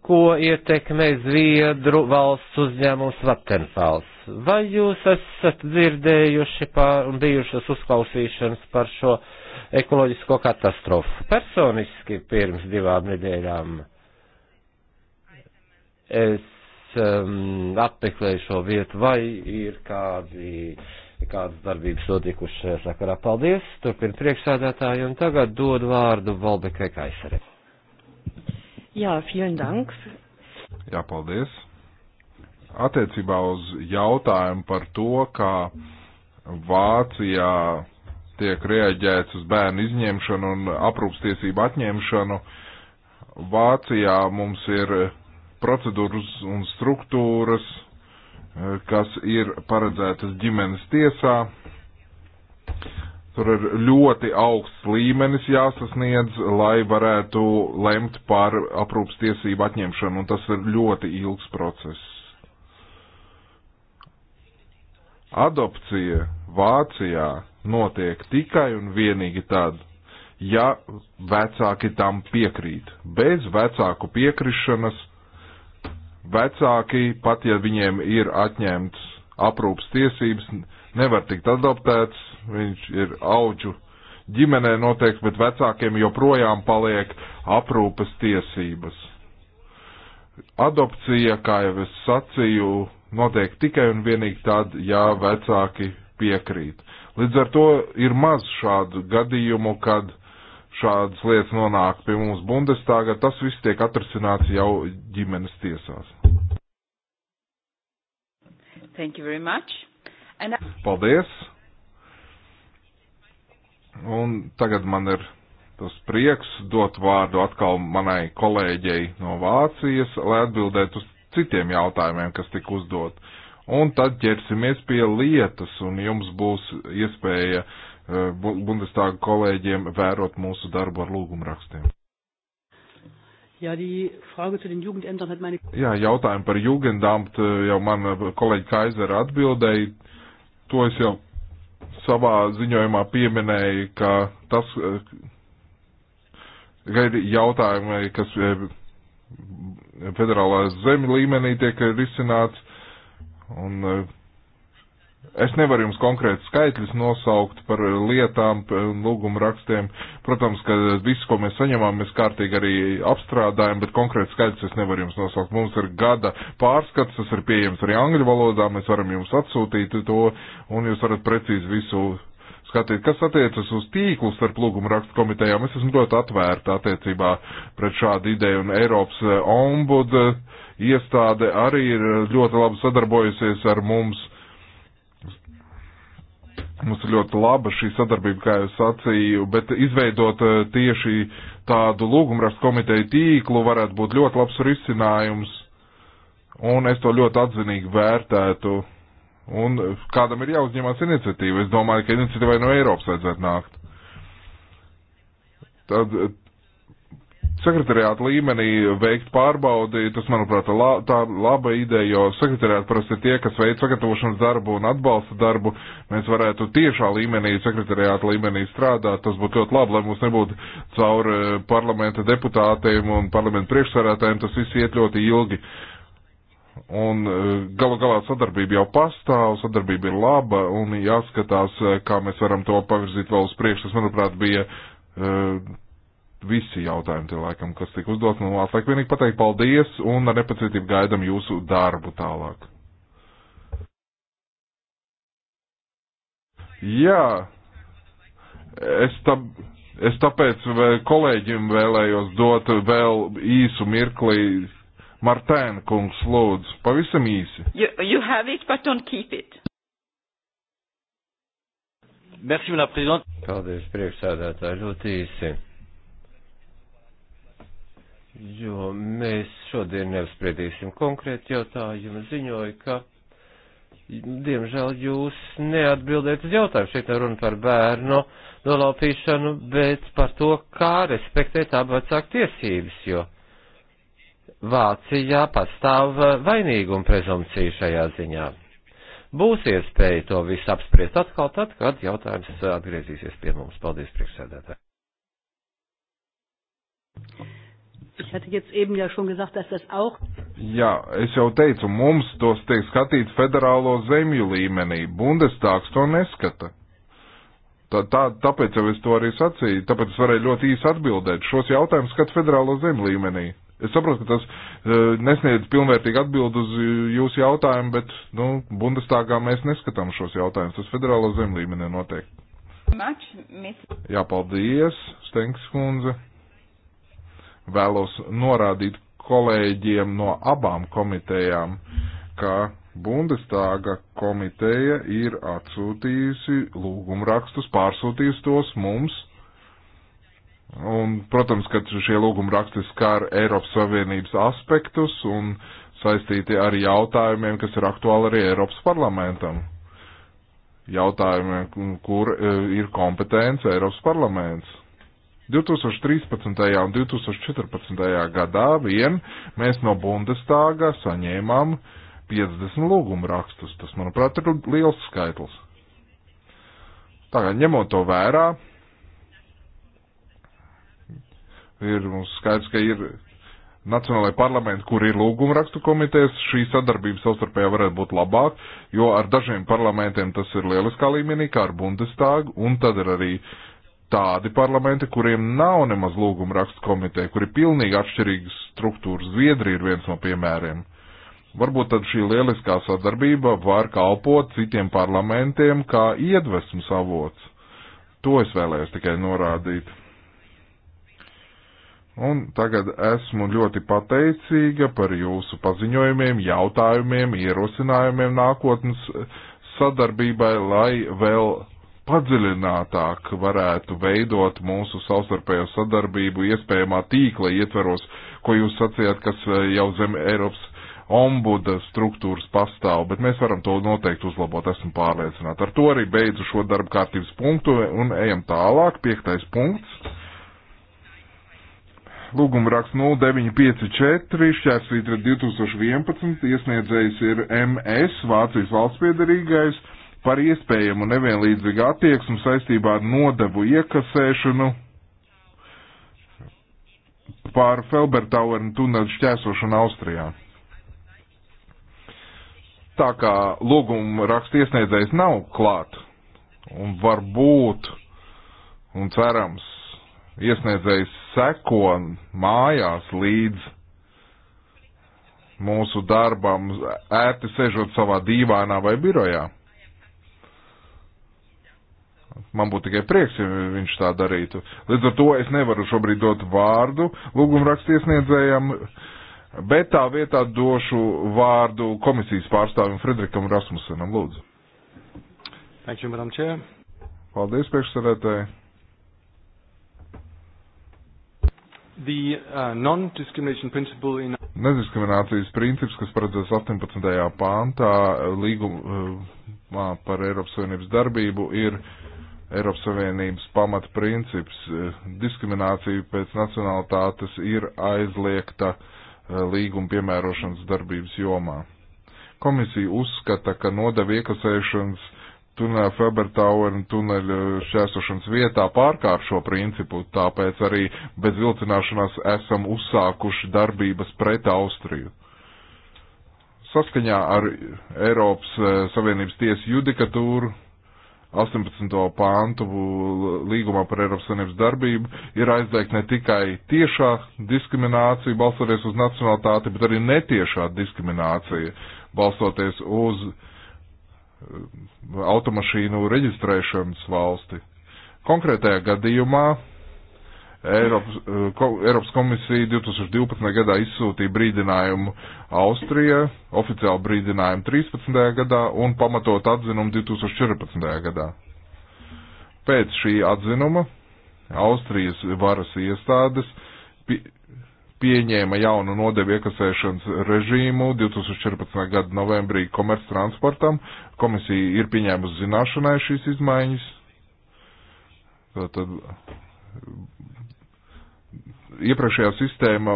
Ko ietekmē Zviedru valsts uzņēmums Vattenfalls? Vai jūs esat dzirdējuši pār un bijušas uzklausīšanas par šo? ekoloģisko katastrofu. Personiski pirms divām nedēļām es um, apmeklēju šo vietu, vai ir kādi, kādas darbības notikušas šajā sakarā. Paldies, turpin priekšsādātāji, un tagad dod vārdu Valbekai Kaisarei. Jā, vielen dank. Jā, paldies. Attiecībā uz jautājumu par to, kā Vācijā tiek reaģēts uz bērnu izņemšanu un aprūpstiesību atņemšanu. Vācijā mums ir procedūras un struktūras, kas ir paredzētas ģimenes tiesā. Tur ir ļoti augsts līmenis jāsasniedz, lai varētu lemt par aprūpstiesību atņemšanu, un tas ir ļoti ilgs process. adopcija Vācijā notiek tikai un vienīgi tad, ja vecāki tam piekrīt. Bez vecāku piekrišanas vecāki, pat ja viņiem ir atņemts aprūpas tiesības, nevar tikt adoptēts, viņš ir auģu ģimenē noteikti, bet vecākiem joprojām paliek aprūpas tiesības. Adopcija, kā jau es sacīju, notiek tikai un vienīgi tad, ja vecāki piekrīt. Līdz ar to ir maz šādu gadījumu, kad šādas lietas nonāk pie mums Bundestāga, tas viss tiek atrasināts jau ģimenes tiesās. Thank you very much. And... Paldies. Un tagad man ir tas prieks dot vārdu atkal manai kolēģei no Vācijas, lai atbildētu uz citiem jautājumiem, kas tika uzdot. Un tad ķersimies pie lietas, un jums būs iespēja eh, Bundestāga kolēģiem vērot mūsu darbu ar lūgumrakstiem. Jā, meine... Jā, jautājumu par Jugendamt eh, jau man eh, kolēģi Kaisera atbildēja. To es jau savā ziņojumā pieminēju, ka tas, ka ir jautājumi, kas federālās zemi līmenī tiek risināts. Un eh, es nevaru jums konkrēti skaitļus nosaukt par lietām un lūgumu rakstiem. Protams, ka viss, ko mēs saņemam, mēs kārtīgi arī apstrādājam, bet konkrēti skaitļus es nevaru jums nosaukt. Mums ir gada pārskats, tas ir pieejams arī angļu valodā, mēs varam jums atsūtīt to, un jūs varat precīzi visu skatīt, kas attiecas uz tīklu starp lūgumu rakstu komitejām. Es esmu ļoti atvērta attiecībā pret šādu ideju, un Eiropas eh, ombuda eh, iestāde arī ir eh, ļoti labi sadarbojusies ar mums. Mums ir ļoti laba šī sadarbība, kā jau sacīju, bet izveidot tieši tādu lūgumrakstu komiteju tīklu varētu būt ļoti labs risinājums, un es to ļoti atzinīgi vērtētu Un kādam ir jāuzņemās iniciatīva. Es domāju, ka iniciatīvai no Eiropas vajadzētu nākt. Tad eh, sekretariāta līmenī veikt pārbaudi, tas, manuprāt, la, tā ir laba ideja, jo sekretariāti parasti ir tie, kas veic sagatavošanas darbu un atbalsta darbu. Mēs varētu tiešā līmenī, sekretariāta līmenī strādāt. Tas būtu ļoti labi, lai mums nebūtu caur eh, parlamenta deputātiem un parlamenta priekšsarētājiem. Tas viss iet ļoti ilgi. Uh, Un e, galu galā sadarbība jau pastāv, sadarbība ir laba un jāskatās, e, kā mēs varam to pavirzīt vēl uz priekšu. Tas, manuprāt, bija uh, visi jautājumi, tie, laikam, kas tika uzdots. Nu, atliek vienīgi pateikt paldies un ar nepacietību gaidam jūsu darbu tālāk. Jā, es, tā, es tāpēc kolēģim vēlējos dot vēl īsu mirkli Martēna kungs, lūdzu, pavisam īsi. You, you have it, but don't keep it. Merci, la prezident. Paldies, priekšsēdētāji, ļoti īsi. Jo mēs šodien neapspriedīsim konkrēti jautājumu, ziņoju, ka, diemžēl, jūs neatbildēt uz jautājumu. Šeit nav runa par bērnu nolaupīšanu, bet par to, kā respektēt abu vecāku tiesības, jo Vācijā pastāv eh, vainīguma prezumcija šajā ziņā. Būs iespēja to visu apspriest atkal tad, kad jautājums eh, atgriezīsies pie mums. Paldies, priekšsēdētāji. Ich hatte jetzt eben ja schon gesagt, dass das auch. Jā, es jau teicu, mums tos tiek skatīts federālo zemju līmenī. Bundestāgs to neskata. Tā, tā, tāpēc jau es to arī sacīju, tāpēc es varēju ļoti īsi atbildēt. Šos jautājumus skat federālo zemju līmenī. Es saprotu, ka tas e, nesniedz pilnvērtīgu atbildu uz jūsu jautājumu, bet, nu, Bundestāgā mēs neskatām šos jautājumus. Tas federālo zem līmenī notiek. Jā, paldies, Stenks kundze. Vēlos norādīt kolēģiem no abām komitejām, ka Bundestāga komiteja ir atsūtījusi lūgumrakstus, pārsūtījusi tos mums Un, protams, ka šie lūguma raksti skar Eiropas Savienības aspektus un saistīti ar jautājumiem, kas ir aktuāli arī Eiropas parlamentam. Jautājumiem, kur e, ir kompetence Eiropas parlaments. 2013. un 2014. gadā vien mēs no Bundestāga saņēmām 50 lūguma rakstus. Tas, manuprāt, ir liels skaitlis. Tagad, ņemot to vērā, ir mums skaidrs, ka ir Nacionālajai parlamenti, kur ir lūguma rakstu komitejas, šī sadarbība savstarpējā varētu būt labāk, jo ar dažiem parlamentiem tas ir lieliskā līmenī, kā ar Bundestāgu, un tad ir arī tādi parlamenti, kuriem nav nemaz lūguma rakstu komiteja, kur ir pilnīgi atšķirīgas struktūras. Zviedrija ir viens no piemēriem. Varbūt tad šī lieliskā sadarbība var kalpot citiem parlamentiem kā iedvesmas avots. To es vēlējos tikai norādīt. Un tagad esmu ļoti pateicīga par jūsu paziņojumiem, jautājumiem, ierosinājumiem nākotnes sadarbībai, lai vēl padziļinātāk varētu veidot mūsu savstarpējo sadarbību iespējamā tīkla ietveros, ko jūs sacījāt, kas eh, jau zem Eiropas ombuda struktūras pastāv, bet mēs varam to noteikti uzlabot, esmu pārliecināti. Ar to arī beidzu šo darba kārtības punktu un ejam tālāk, piektais punkts Lūgumraksts 0954 šķērsvītra 2011 iesniedzējs ir MS Vācijas valsts piedarīgais par iespējamu nevienlīdzīgu attieksmu saistībā ar nodevu iekasēšanu pār Felbertauern tuneli šķērsošanu Austrijā. Tā kā lūgumraksts iesniedzējs nav klāt un varbūt un cerams iesniedzējs seko mājās līdz mūsu darbam, ērti sežot savā dīvānā vai birojā. Man būtu tikai prieks, ja viņš tā darītu. Līdz ar to es nevaru šobrīd dot vārdu lūgumrakstu iesniedzējam, bet tā vietā došu vārdu komisijas pārstāvim Fredrikam Rasmusenam. Lūdzu. Thank you, Madam Chair. Paldies, priekšsēdētāji. the uh, non-discrimination principle in Nediskriminācijas princips, kas paredzēts 18. pāntā līgumā uh, par Eiropas Savienības darbību, ir Eiropas Savienības pamatprincips. Diskriminācija pēc nacionalitātes ir aizliegta uh, līguma piemērošanas darbības jomā. Komisija uzskata, ka nodeva iekasēšanas tunelī Fabertauern tuneļa eh, šķērsošanas vietā pārkāp šo principu, tāpēc arī bez vilcināšanās esam uzsākuši darbības pret Austriju. Saskaņā ar Eiropas eh, Savienības tiesu judikatūru 18. pāntu līgumā par Eiropas Savienības darbību ir aizliegt ne tikai tiešā diskriminācija balstoties uz nacionalitāti, bet arī netiešā diskriminācija balstoties uz uh, automašīnu reģistrēšanas valsti. Konkrētajā gadījumā Eiropas, eh, ko, Eiropas komisija 2012. gadā izsūtīja brīdinājumu Austrijā, oficiālu brīdinājumu 13. gadā un pamatot atzinumu 2014. gadā. Pēc šī atzinuma Austrijas varas iestādes pieņēma jaunu nodevu iekasēšanas režīmu 2014. gada novembrī komerc transportam. Komisija ir pieņēmusi zināšanai šīs izmaiņas. Tātad iepriekšējā sistēma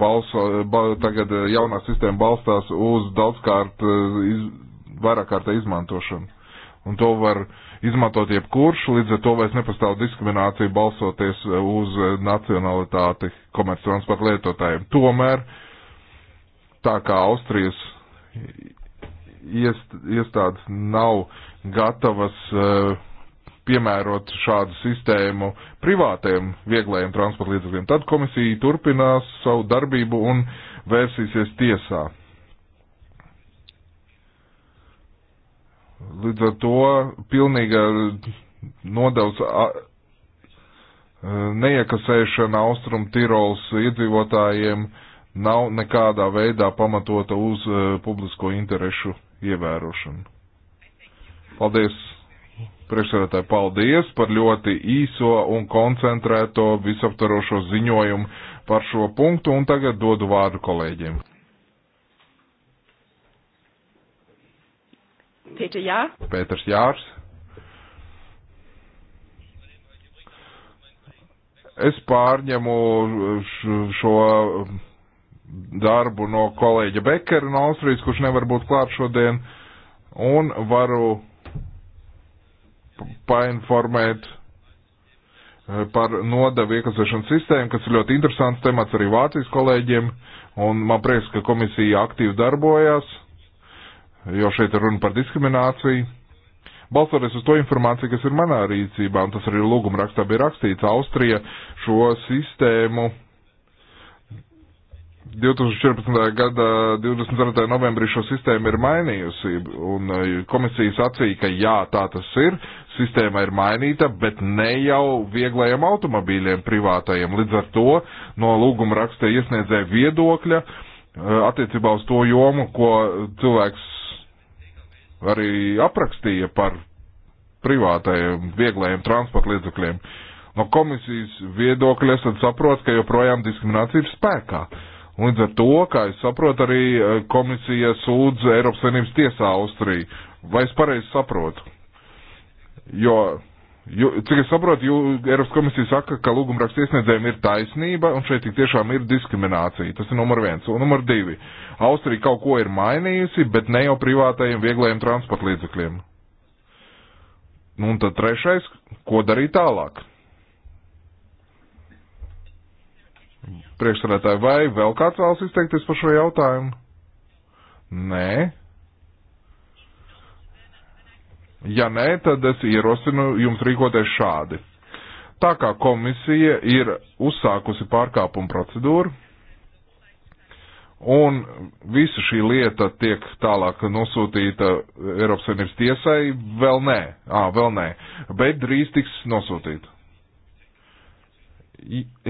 balso, ba, tagad eh, jaunā sistēma balstās uz daudzkārt eh, iz, vairākkārtē izmantošanu un to var izmantot jebkurš, līdz ar to vairs nepastāv diskriminācija balsoties uz nacionalitāti komerctransporta lietotājiem. Tomēr, tā kā Austrijas iest, iestādes nav gatavas uh, piemērot šādu sistēmu privātiem vieglajiem transporta līdzekļiem, tad komisija turpinās savu darbību un vērsīsies tiesā. Līdz ar to pilnīga nodevs e, neiekasēšana Austrum Tirols iedzīvotājiem nav nekādā veidā pamatota uz e, publisko interešu ievērošanu. Paldies, priekšsēdētāji, paldies par ļoti īso un koncentrēto visaptarošo ziņojumu par šo punktu, un tagad dodu vārdu kolēģiem. Pēter Jārs. Pēters Jārs. Es pārņemu šo darbu no kolēģa Bekera no Austrijas, kurš nevar būt klāt šodien, un varu painformēt eh, par nodevu iekasēšanas sistēmu, kas ir ļoti interesants temats arī Vācijas kolēģiem, un man prieks, ka komisija aktīvi darbojās jo šeit ir runa par diskrimināciju. Balstoties uz to informāciju, kas ir manā rīcībā, un tas arī lūguma rakstā bija rakstīts, Austrija šo sistēmu 2014. gada 24. novembrī šo sistēmu ir mainījusi, un e, komisija sacīja, ka jā, tā tas ir, sistēma ir mainīta, bet ne jau vieglajiem automobīļiem privātajiem. Līdz ar to no lūguma rakstē iesniedzēja viedokļa e, attiecībā uz to jomu, ko cilvēks arī aprakstīja par privātajiem vieglajiem transporta līdzakļiem. No komisijas viedokļa es saprotu, ka joprojām diskriminācija ir spēkā. Līdz ar to, kā es saprotu, arī e, komisija sūdz Eiropas Savienības tiesā Austriju. Vai es pareizi saprotu? Jo Jū, cik es saprotu, jū, Eiropas komisija saka, ka lūgumraksta iesniedzējiem ir taisnība, un šeit tik tiešām ir diskriminācija. Tas ir numur viens. Un numur divi. Austrija kaut ko ir mainījusi, bet ne jau privātajiem vieglajiem transporta līdzekļiem. Nu, un tad trešais, ko darīt tālāk? Priekšsēdētāji, vai vēl kāds vēlas izteikties par šo jautājumu? Nē. Ja nē, tad es ierosinu jums rīkoties šādi. Tā kā komisija ir uzsākusi pārkāpumu procedūru, un visa šī lieta tiek tālāk nosūtīta Eiropas Savienības tiesai, vēl nē, à, vēl nē, bet drīz tiks nosūtīta.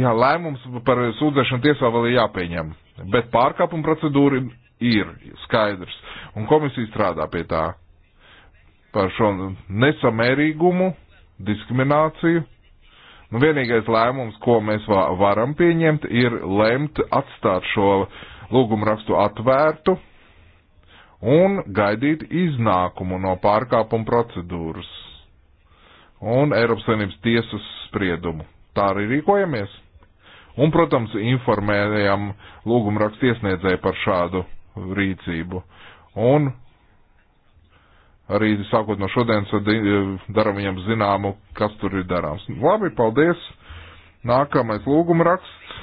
Jā, lēmums par sūdzēšanu tiesā vēl ir jāpieņem, bet pārkāpuma procedūra ir skaidrs, un komisija strādā pie tā par šo nesamērīgumu, diskrimināciju. Nu, vienīgais lēmums, ko mēs varam pieņemt, ir lemt atstāt šo lūgumu rakstu atvērtu un gaidīt iznākumu no pārkāpuma procedūras un Eiropas Savienības tiesas spriedumu. Tā arī rīkojamies. Un, protams, informējam lūgumu rakstu iesniedzēju par šādu rīcību. Un arī sākot no šodienas eh, daram viņam zināmu, kas tur ir darāms. Labi, paldies! Nākamais lūguma raksts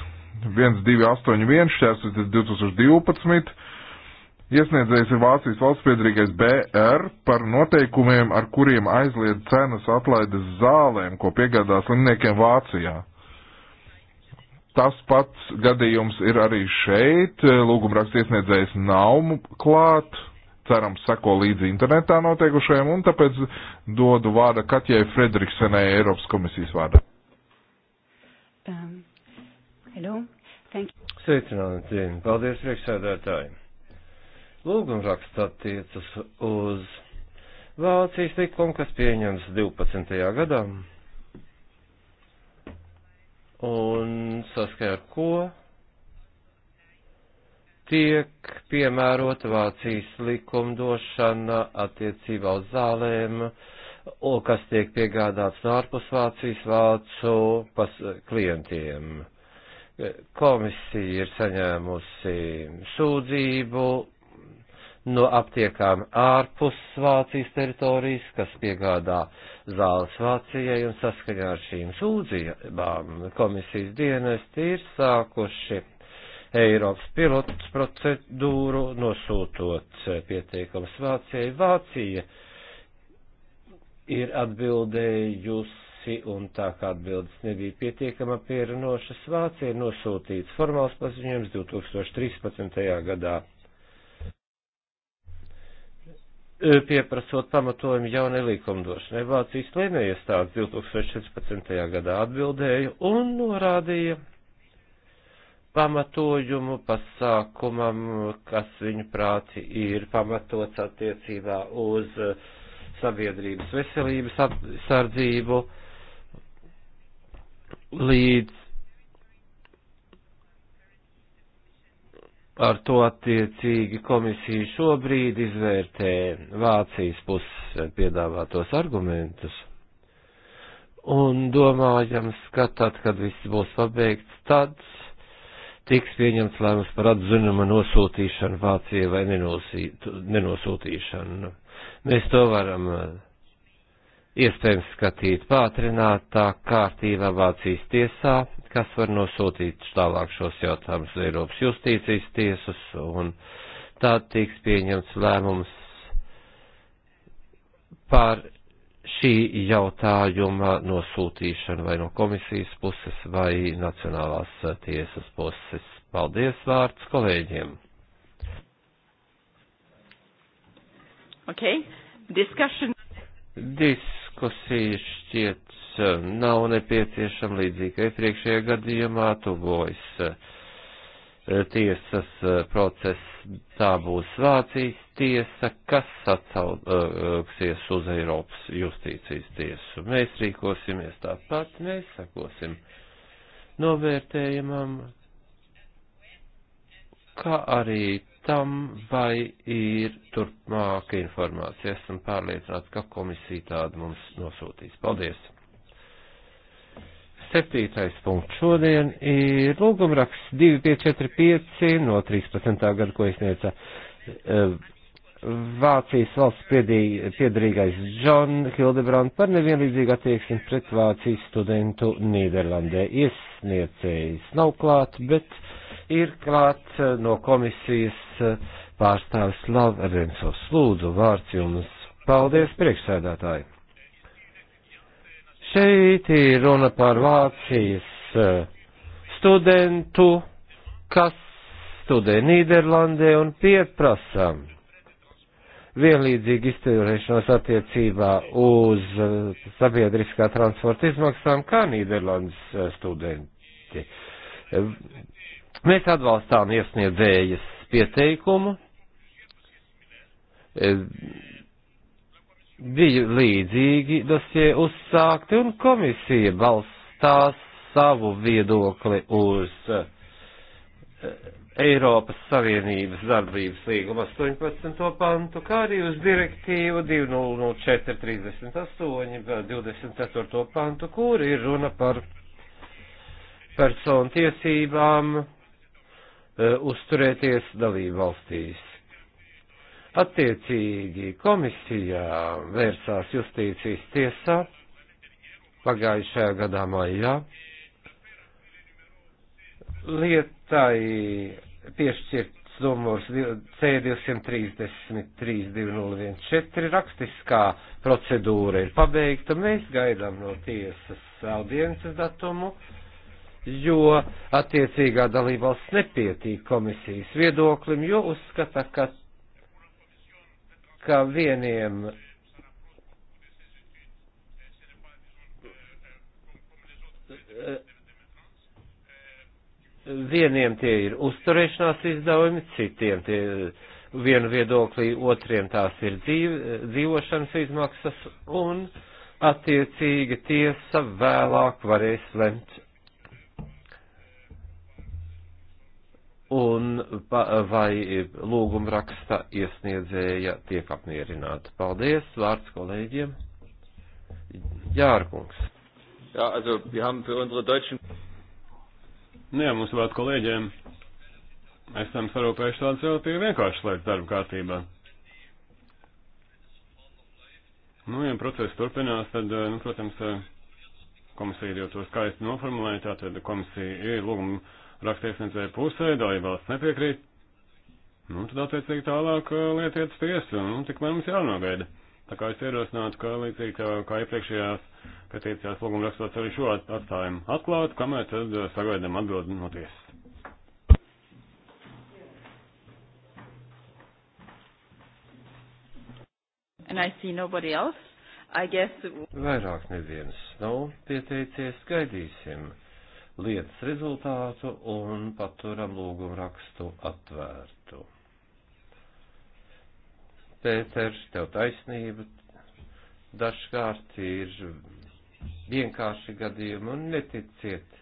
1281 šķērslis 2012. Iesniedzējs ir Vācijas valstspiedrīgais BR par noteikumiem, ar kuriem aizliedz cenas atlaides zālēm, ko piegādā slimniekiem Vācijā. Tas pats gadījums ir arī šeit. Lūgumraksts iesniedzējs nav klāt cerams seko līdzi internetā notiekušajam, un tāpēc dodu vārdu Katjai Fredriksenai Eiropas komisijas vārdā. Um, hello. Thank you. Sveicināti. Paldies, priekšsēdētāji. Lūgums raksts attiecas uz Vācijas likumu, kas pieņems 12. gadā. Un saskaņā ar ko tiek piemērota Vācijas likumdošana attiecībā uz zālēm, kas tiek piegādāts no ārpus Vācijas vācu pas, klientiem. Komisija ir saņēmusi sūdzību no aptiekām ārpus Vācijas teritorijas, kas piegādā zāles Vācijai un saskaņā ar šīm sūdzībām komisijas dienesti ir sākuši Eiropas pilotas procedūru, nosūtot eh, pieteikums Vācijai. Vācija ir atbildējusi, un tā kā atbildes nebija pietiekama pierinošas, Vācija ir nosūtīts formāls paziņojums 2013. gadā. Eh, pieprasot pamatojumu jaunai likumdošanai, Vācijas lēmējiestāds 2014. gadā atbildēja un norādīja, pamatojumu pasākumam, kas viņu prāti ir pamatots attiecībā uz sabiedrības veselības apsardzību līdz ar to attiecīgi komisija šobrīd izvērtē Vācijas puses piedāvātos argumentus. Un domājams, ka tad, kad viss būs pabeigts, tad tiks pieņemts lēmums par atzinuma nosūtīšanu Vācijai vai nenosūtīšanu. Mēs to varam eh, iespējams skatīt pātrinātā kārtībā Vācijas tiesā, kas var nosūtīt tālāk šos jautājumus Eiropas justīcijas tiesas, un tad tiks pieņemts lēmums par šī jautājuma nosūtīšanu vai no komisijas puses vai Nacionālās tiesas puses. Paldies vārds kolēģiem. Okay. Discussion. Diskusija šķiet eh, nav nepieciešama līdzīgi kā iepriekšējā gadījumā tuvojas eh, tiesas eh, process tā būs Vācijas tiesa, kas atsauksies uz Eiropas justīcijas tiesu. Mēs rīkosimies tāpat, mēs sakosim novērtējumam, kā arī tam, vai ir turpmāka informācija. Esmu pārliecināts, ka komisija tādu mums nosūtīs. Paldies! Septītais punkts šodien ir lūgumraksts 2545 no 13. gada, ko izniedza eh, Vācijas valsts piedī, piedarīgais John Hildebrand par nevienlīdzīgu attieksmi pret Vācijas studentu Nīderlandē. Iesniedzējs nav klāt, bet ir klāt eh, no komisijas eh, pārstāvis Lavrensovs. Lūdzu, vārds jums. Paldies, priekšsēdētāji! Šeit ir runa par Vācijas eh, studentu, kas studē Nīderlandē un pieprasa vienlīdzīgu izturēšanos attiecībā uz eh, sabiedriskā transporta izmaksām kā Nīderlandes eh, studenti. Mēs atbalstām iesniedzējas pieteikumu bija līdzīgi dosie uzsākti, un komisija balstās savu viedokli uz eh, Eiropas Savienības darbības līguma 18. pantu, kā arī uz direktīvu 200438 24. pantu, kur ir runa par personu tiesībām eh, uzturēties dalību valstīs. Attiecīgi komisijā vērsās justīcijas tiesā pagājušajā gadā maijā. Lietai piešķirts numurs C233-2014 rakstiskā procedūra ir pabeigta. Mēs gaidām no tiesas audiences datumu jo attiecīgā dalībvalsts nepietīk komisijas viedoklim, jo uzskata, ka ka vieniem vieniem tie ir uzturēšanās izdevumi, citiem tie vienu viedoklī, otriem tās ir dzīv, dzīvošanas izmaksas, un attiecīgi tiesa vēlāk varēs lemt un vai lūguma raksta iesniedzēja tiek apmierināta. Paldies, vārds kolēģiem. Jārkungs. Jā, also, wir haben für unsere deutschen. Nu jā, mūsu vārds kolēģiem. Esam sarūpējuši tādu relatīvi vienkāršu lietu darba kārtībā. Nu, ja process turpinās, tad, nu, protams, komisija jau to skaisti noformulēja, tātad komisija ir lūguma rakstiesniedzēja pusē, dalībvalsts nepiekrīt. Nu, tad attiecīgi tālāk uh, lieta iet uz tiesu, un nu, tikmēr mums jānogaida. Tā kā es ierosinātu, ka līdzīgi kā, kā iepriekšējās petīcijās lūguma rakstos arī šo atstājumu atklāt, kamēr tad uh, sagaidām atbildi no tiesas. And I see nobody else. I guess... Vairāk nevienas nav pieteicies, gaidīsim lietas rezultātu un paturam lūgumu rakstu atvērtu. Pēters, tev taisnība, dažkārt ir vienkārši gadījumi un neticiet.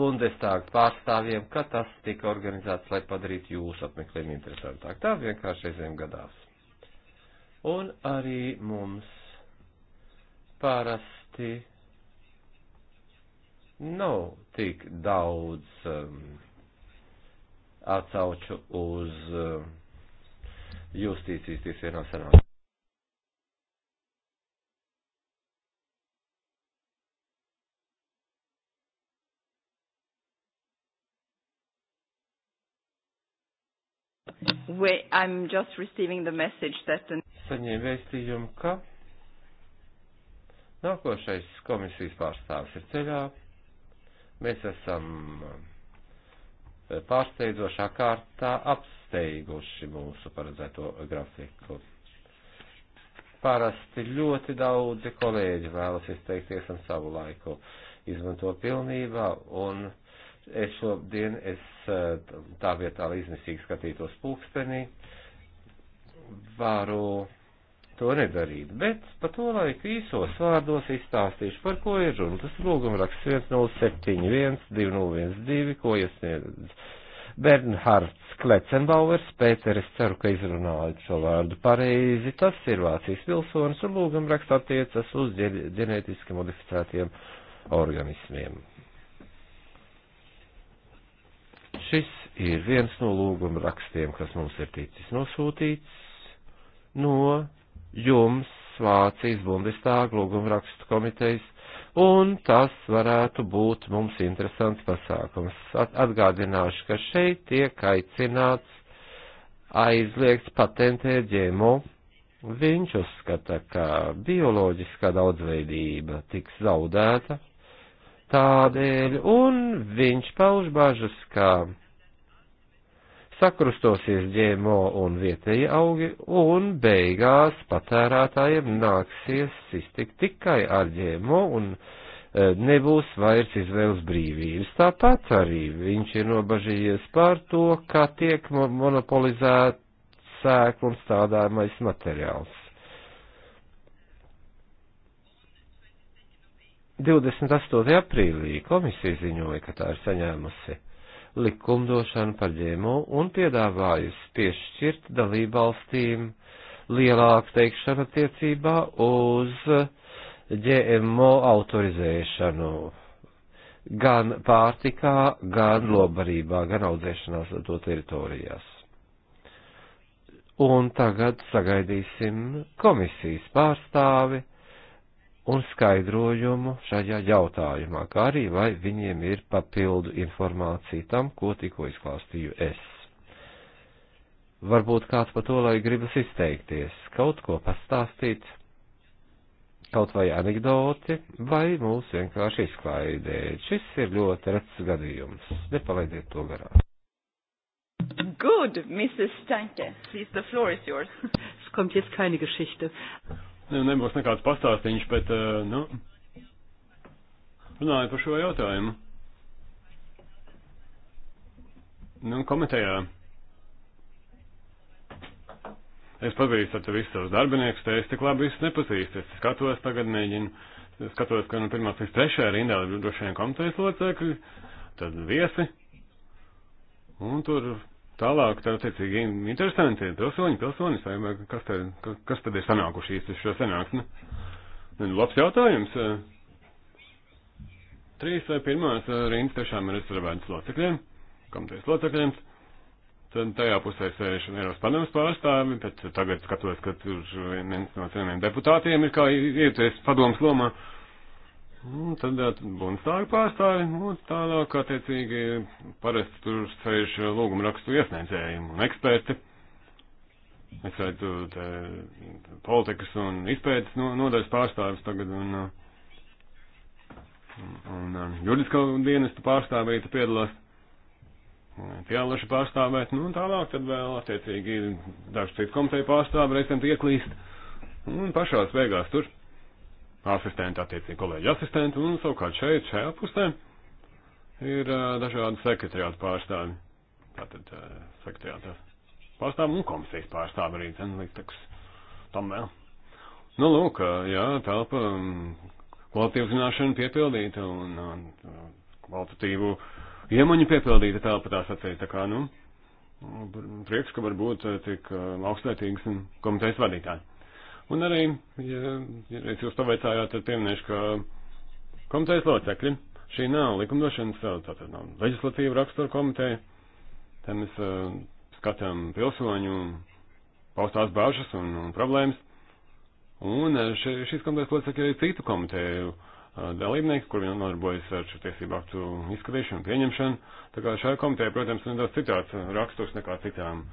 Bundestāga pārstāvjiem, ka tas tika organizēts, lai padarītu jūsu apmeklējumu interesantāk. Tā vienkārši reizēm gadās. Un arī mums parasti nav tik daudz um, atsauču uz um, justīcijas tiesvienā sanāksmē. We, I'm just receiving the message that the... Saņēmu vēstījumu, ka nākošais komisijas pārstāvis ir ceļā. Mēs esam eh, pārsteidzošā kārtā apsteiguši mūsu paredzēto grafiku. Parasti ļoti daudzi kolēģi vēlas izteikties un savu laiku izmanto pilnībā un es šodien es eh, tā vietā, lai iznesīgi skatītos pulkstenī, varu to nedarīt, bet pa to laiku īsos vārdos izstāstīšu, par ko ir runa. Tas ir lūgumraksts 1071 212, ko iesniedz Bernhards Kleckenbauers, Pēter, es ceru, ka izrunāju šo vārdu pareizi, tas ir Vācijas pilsonis un lūgumraksts attiecas uz ģenētiski modificētiem organismiem. Šis ir viens no lūguma rakstiem, kas mums ir ticis nosūtīts no jums Vācijas Bundestāga lūguma rakstu komitejas, un tas varētu būt mums interesants pasākums. Atgādināšu, ka šeit tiek aicināts aizliegts patentēt ģēmo. Viņš uzskata, ka bioloģiskā daudzveidība tiks zaudēta, tādēļ, un viņš pauž bažas, kā sakrustosies ģēmo un vietēji augi, un beigās patērētājiem nāksies iztikt tikai ar ģēmo un e, nebūs vairs izvēles brīvības. Tāpat arī viņš ir nobažījies par to, kā tiek monopolizēts sēklu un stādājumais materiāls. 28. aprīlī komisija ziņoja, ka tā ir saņēmusi likumdošanu par ģēmo un piedāvājusi piešķirt dalībvalstīm lielāku teikšanu attiecībā uz ģēmo autorizēšanu gan pārtikā, gan lobarībā, gan audzēšanās to teritorijās. Un tagad sagaidīsim komisijas pārstāvi un skaidrojumu šajā jautājumā, kā arī vai viņiem ir papildu informācija tam, ko tikko izklāstīju es. Varbūt kāds pa to, lai gribas izteikties, kaut ko pastāstīt, kaut vai anekdoti, vai mūs vienkārši izklaidēt. Šis ir ļoti rets gadījums. Nepalaidiet to garā. Good, Mrs. Stanke, please, the floor is yours. Es kommt jetzt keine Geschichte. Nu, nebūs nekāds pastāstīņš, bet, eh, nu, runāju par šo jautājumu. Nu, komitejā. Es pazīstu ar visus savus darbiniekus, te es tik labi visus nepazīstu. Es skatos tagad, mēģinu, skatos, ka no nu, pirmās līdz trešajā rindā ir droši vien komitejas locekļi, tad viesi. Un tur Tālāk, tā attiecīgi, interesanti, pilsoņi, pilsonis, vai kas tad, kas tad ir sanākuši īsti šo sanāksmi? Labs jautājums. Eh, trīs vai pirmās eh, rindas tiešām ir rezervētas locekļiem, komitejas locekļiem. Tad tajā pusē sēž Eiropas padomus pārstāvi, bet tagad skatos, ka tur viens no cieniem deputātiem ir kā ieties padomus lomā. Uh, Un nu, tad Bundestāga pārstāvi, un nu, tālāk, attiecīgi, parasti tur sēž lūguma rakstu iesniedzēji un eksperti. Es redzu te, politikas un izpētes no, nodaļas pārstāvis tagad, un, un, un juridiskā dienesta pārstāvi arī te piedalās. Pielaši pārstāvēt, nu un tālāk tad vēl, attiecīgi, dažu citu komiteju pārstāvi reizēm tie ieklīst. Un pašās beigās tur asistenti, attiecīgi kolēģi asistenti, un savukārt šeit, šajā pusē, ir uh, dažādi sekretariāti pārstāvi. Tātad uh, sekretariāti pārstāvi un komisijas pārstāvi arī, zin, līdz teks tam vēl. Nu, lūk, uh, jā, telpa um, kvalitīvu zināšanu piepildīta un uh, kvalitatīvu iemaņu piepildīta telpa tā sacīja, tā kā, nu, prieks, ka var būt uh, tik uh, augstvērtīgs un komitejas vadītāji. Un arī, ja, ja es jūs pavaicājāt, tad pieminēšu, ka komitejas locekļi šī nav likumdošanas, tātad nav leģislatīva rakstura komiteja, tad mēs uh, skatām pilsoņu paustās bāžas un, un problēmas. Un še, šīs komitejas locekļi arī citu komiteju dalībnieki, kur viņi nodarbojas ar šo tiesību aktu izskatīšanu, pieņemšanu. Tā kā šai komitejai, protams, ir nedaudz citāds raksturs nekā citām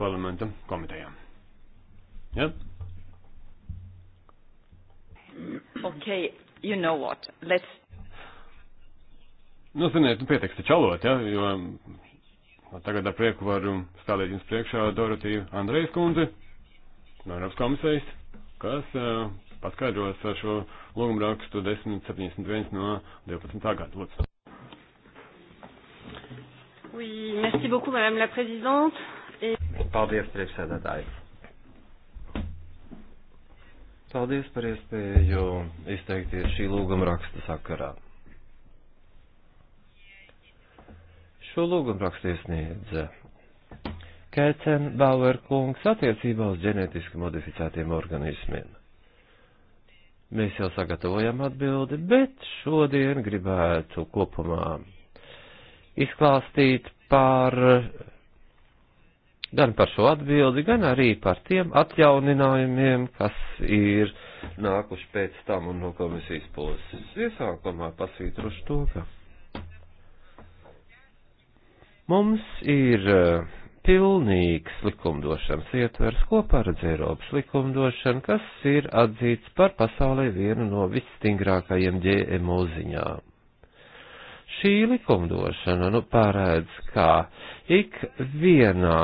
parlamenta komitejām. Ja? Okay, you know what? Let's. Nu, ziniet, nu pietiks te čalot, ja, jo tagad ar prieku varu stādīt jums priekšā Dorotiju Andrejas kundzi no Eiropas komisijas, kas uh, paskaidros šo lūgumu rakstu 1071 no 12. gada. Lūdzu. Oui, merci beaucoup, madame la présidente. Et... Paldies, priekšsēdētāji. Paldies par iespēju izteikties šī lūguma raksta sakarā. Šo lūgumu rakstu iesniedza Kēcen Bauer kungs attiecībā uz ģenētiski modificētiem organismiem. Mēs jau sagatavojam atbildi, bet šodien gribētu kopumā izklāstīt par gan par šo atbildi, gan arī par tiem atjauninājumiem, kas ir nākuši pēc tam un no komisijas puses. Iesākumā pasvītrošu to, ka mums ir e, pilnīgs likumdošanas ietvers, ko paredz Eiropas likumdošana, kas ir atzīts par pasaulē vienu no visstingrākajiem GMO ziņām šī likumdošana nu, pārēdz, ka ik vienā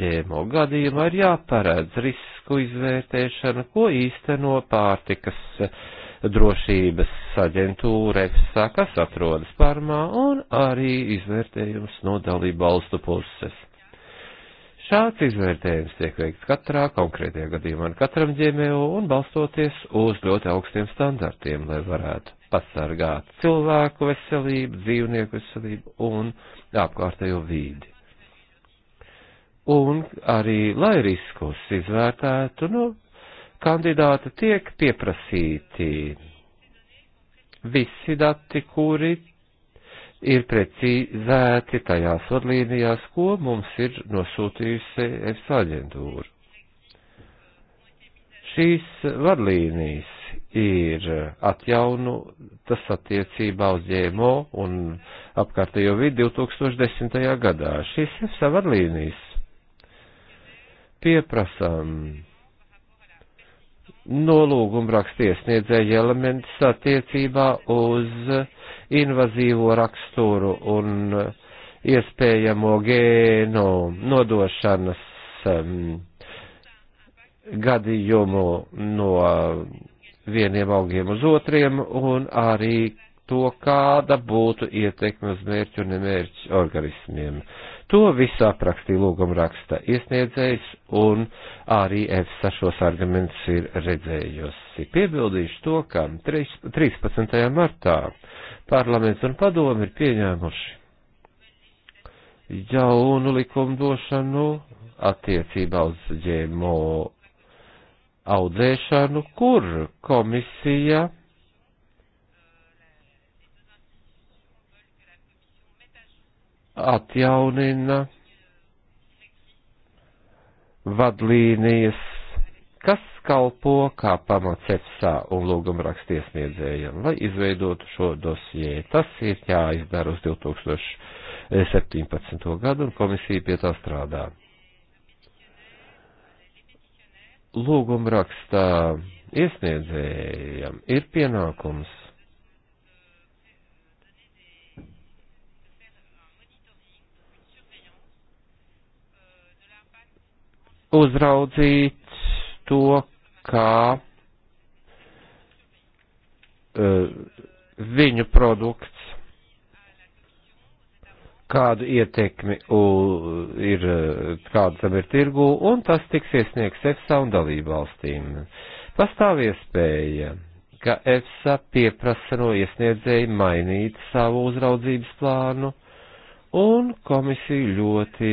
ģēmo gadījumā ir jāparedz risku izvērtēšana, ko īsteno pārtikas drošības aģentūra EFSA, kas atrodas Parmā, un arī izvērtējums no dalību valstu puses. Šāds izvērtējums tiek veikts katrā konkrētajā gadījumā ar katram ģēmēju un balstoties uz ļoti augstiem standartiem, lai varētu pasargāt cilvēku veselību, dzīvnieku veselību un apkārtējo vīdi. Un arī, lai riskus izvērtētu, no nu, kandidāta tiek pieprasīti visi dati, kuri ir precīzēti tajās vadlīnijās, ko mums ir nosūtījusi EFSA aģentūra. Šīs vadlīnijas ir atjaunu tas attiecībā uz ģēmo un apkārtējo vidi 2010. gadā. Šīs EFSA vadlīnijas pieprasām nolūgumu rakstiesniedzēja elements attiecībā uz invazīvo raksturu un iespējamo gēnu nodošanas um, gadījumu no vieniem augiem uz otriem un arī to, kāda būtu ietekme uz mērķu un nemērķu organismiem. To visu aprakstīja lūguma raksta iesniedzējs, un arī EFSA šos argumentus ir redzējusi. Piebildīšu to, ka 13. martā parlaments un padomi ir pieņēmuši jaunu likumdošanu attiecībā uz ģēmo audzēšanu, kur komisija atjaunina vadlīnijas, kas kalpo kā pamats EFSA un lūgumrakstiesniedzējiem, lai izveidotu šo dosiju. Tas ir jāizdara uz 2017. gadu, un komisija pie tā strādā. lūguma rakstā iesniedzējiem ir pienākums uzraudzīt to, kā uh, viņu produkts kādu ietekmi ir, kāda tam ir tirgū, un tas tiks iesniegts EFSA un dalību valstīm. Pastāv iespēja, ka EFSA pieprasa no iesniedzēja mainīt savu uzraudzības plānu, un komisija ļoti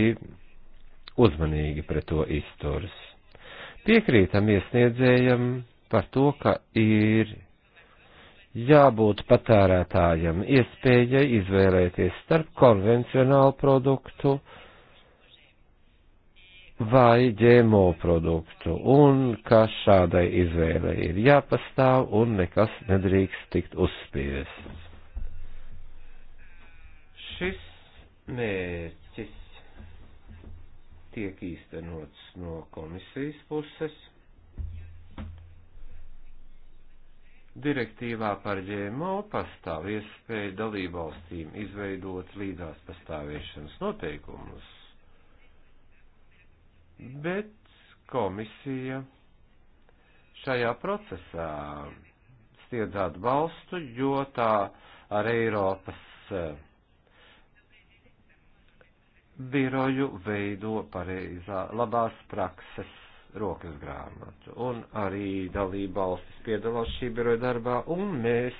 uzmanīgi pret to izturas. Piekrītam iesniedzējam par to, ka ir jābūt patērētājam iespējai izvēlēties starp konvencionālu produktu vai ģēmo produktu, un ka šādai izvēlei ir jāpastāv un nekas nedrīkst tikt uzspiests. Šis mērķis tiek īstenots no komisijas puses Direktīvā par ģēmo pastāv iespēja dalībvalstīm izveidot līdzās pastāvēšanas noteikumus, bet komisija šajā procesā sniedz atbalstu, jo tā ar Eiropas eh, biroju veido pareizā labās prakses rokas grāmatu. Un arī dalība valstis piedalās šī biroja darbā, un mēs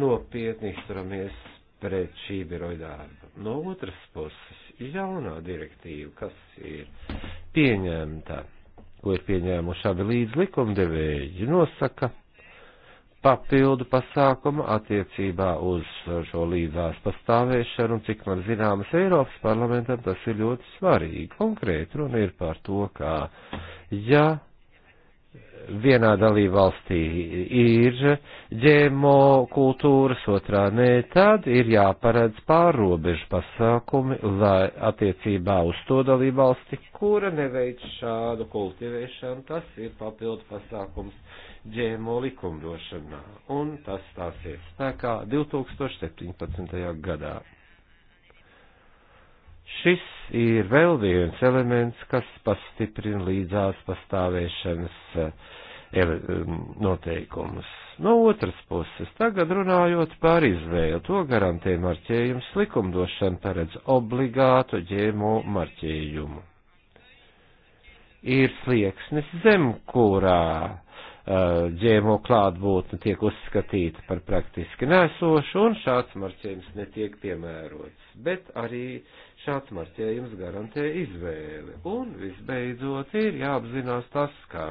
nopietni izturamies pret šī biroja darbu. No otras puses, jaunā direktīva, kas ir pieņemta, ko ir pieņēmuši abi līdz likumdevēji, nosaka papildu pasākumu attiecībā uz šo līdzās pastāvēšanu, un cik man zināmas Eiropas parlamentam tas ir ļoti svarīgi. Konkrēti runa ir par to, kā ja vienā dalībvalstī ir ģēmo kultūras, otrā nē, tad ir jāparedz pārrobežu pasākumi, lai attiecībā uz to dalībvalsti, kura neveic šādu kultivēšanu, tas ir papildu pasākums ģēmo likumdošanā, un tas stāsies spēkā 2017. gadā. Šis ir vēl viens elements, kas pastiprina līdzās pastāvēšanas eh, mm, noteikumus. No otras puses, tagad runājot par izvēli, to garantē marķējums likumdošana paredz obligātu ģēmo marķējumu. Ir slieksnis zem, kurā eh, ģēmo klātbūtne tiek uzskatīta par praktiski nesošu, un šāds marķējums netiek piemērots, bet arī šāds marķējums garantē izvēli. Un visbeidzot ir jāapzinās tas, ka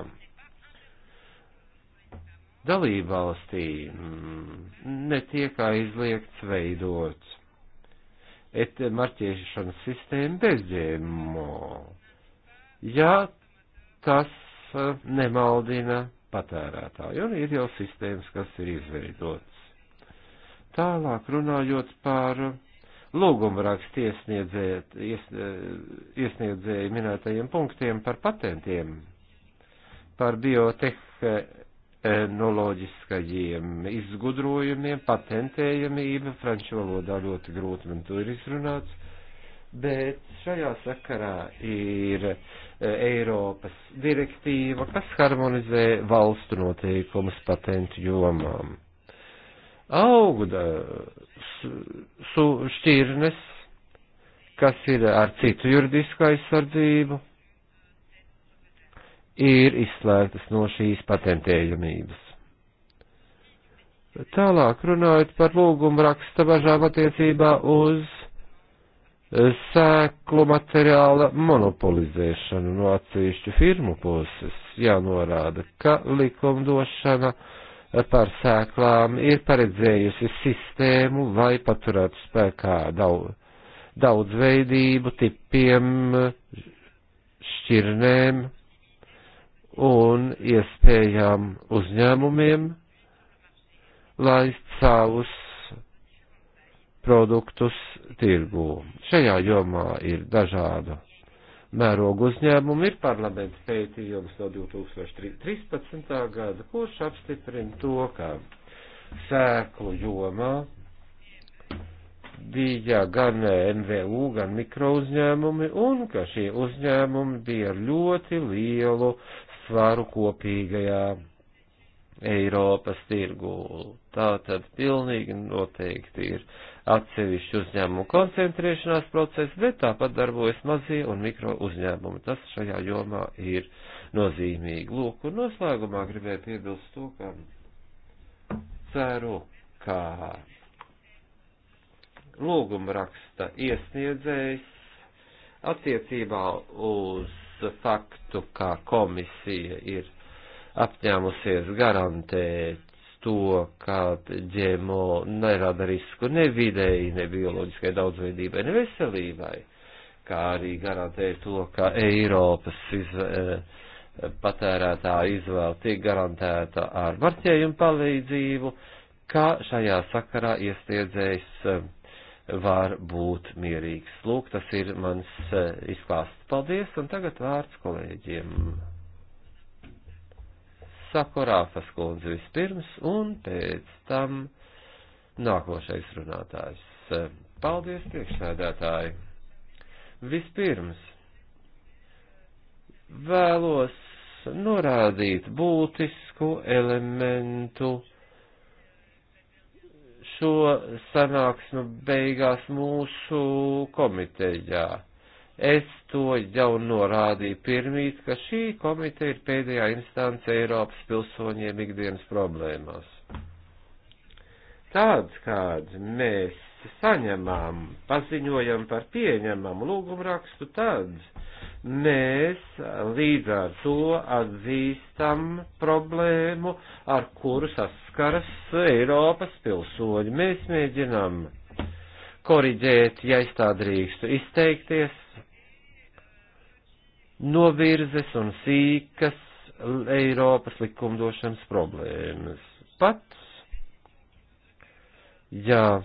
dalībvalstī netiek aizliegts veidot et marķēšanas sistēmu bez ģēmo, ja tas nemaldina patērētāju, un ir jau sistēmas, kas ir izveidotas. Tālāk runājot par lūguma rakstu ies, iesniedzēju minētajiem punktiem par patentiem, par biotehnoloģiskajiem izgudrojumiem, patentējamība, franču valodā ļoti grūti man to ir izrunāts, bet šajā sakarā ir e, Eiropas direktīva, kas harmonizē valstu noteikumus patentu jomām auga šķirnes, kas ir ar citu juridisku aizsardzību, ir izslēgtas no šīs patentējumības. Tālāk runājot par lūgumu raksta bažām attiecībā uz eh, sēklu materiāla monopolizēšanu no atsevišķu firmu puses, jānorāda, ka likumdošana uh, par sēklām ir paredzējusi sistēmu, lai paturētu spēkā daudz, daudzveidību, tipiem, šķirnēm un iespējām uzņēmumiem, lai savus produktus tirgū. Šajā jomā ir dažādu mērogu uzņēmumu ir parlamenta pētījums no 2013. gada, kurš apstiprina to, ka sēklu jomā bija gan MVU, gan mikrouzņēmumi, un ka šie uzņēmumi bija ar ļoti lielu svaru kopīgajā Eiropas tirgū. Tā tad pilnīgi noteikti ir atsevišķu uzņēmumu koncentrēšanās process, bet tāpat darbojas mazie un mikro uzņēmumi. Tas šajā jomā ir nozīmīgi. Lūk, un noslēgumā gribēju piebilst to, ka ceru, ka lūguma raksta iesniedzējs attiecībā uz faktu, ka komisija ir apņēmusies garantēt to, ka ģēmo nerada risku ne vidēji, ne bioloģiskai daudzveidībai, ne veselībai, kā arī garantē to, ka Eiropas iz, eh, patērētā izvēle tiek garantēta ar marķējumu palīdzību, kā šajā sakarā iestiedzējs eh, var būt mierīgs. Lūk, tas ir mans eh, izklāsts. Paldies, un tagad vārds kolēģiem. Sakorāfas kundze vispirms un pēc tam nākošais runātājs. Paldies, priekšsēdētāji! Vispirms vēlos norādīt būtisku elementu šo sanāksmu beigās mūsu komitejā Es to jau norādīju pirmīt, ka šī komiteja ir pēdējā instance Eiropas pilsoņiem ikdienas problēmās. Tāds, kāds mēs saņemam, paziņojam par pieņemamu lūgumrakstu, tad mēs līdz ar to atzīstam problēmu, ar kuru saskaras Eiropas pilsoņi. Mēs mēģinām koriģēt, ja es tā drīkstu izteikties, novirzes un sīkas Eiropas likumdošanas problēmas. Pat, ja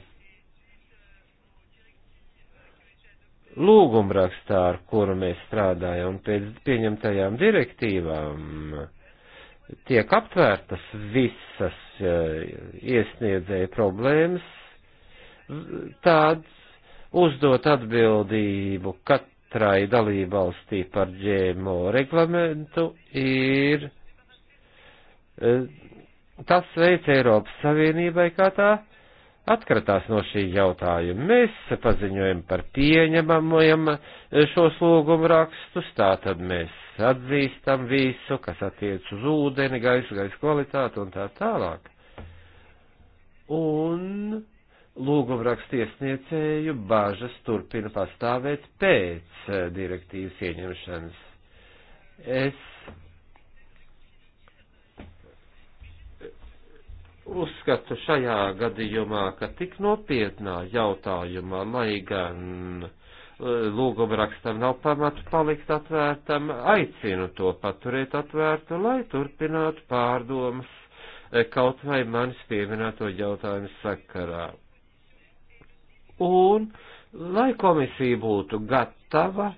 lūgumrakstā, ar kuru mēs strādājam, pēc pieņemtajām direktīvām, tiek aptvērtas visas iesniedzēja problēmas, tāds uzdot atbildību, ka katrai dalībvalstī par ģēmo reglamentu ir e, tas veids Eiropas Savienībai, kā tā atkratās no šī jautājuma. Mēs paziņojam par pieņemamajam e, šos lūgumu rakstus, tātad mēs atzīstam visu, kas attiec uz ūdeni, gaisu, gaisa kvalitāti un tā tālāk. Un lūgumrakstiesniecēju bāžas turpina pastāvēt pēc eh, direktīvas ieņemšanas. Es uzskatu šajā gadījumā, ka tik nopietnā jautājumā, lai gan eh, lūguma rakstam nav pamatu palikt atvērtam, aicinu to paturēt atvērtu, lai turpinātu pārdomas eh, kaut vai manis pieminēto jautājumu sakarā un lai komisija būtu gatava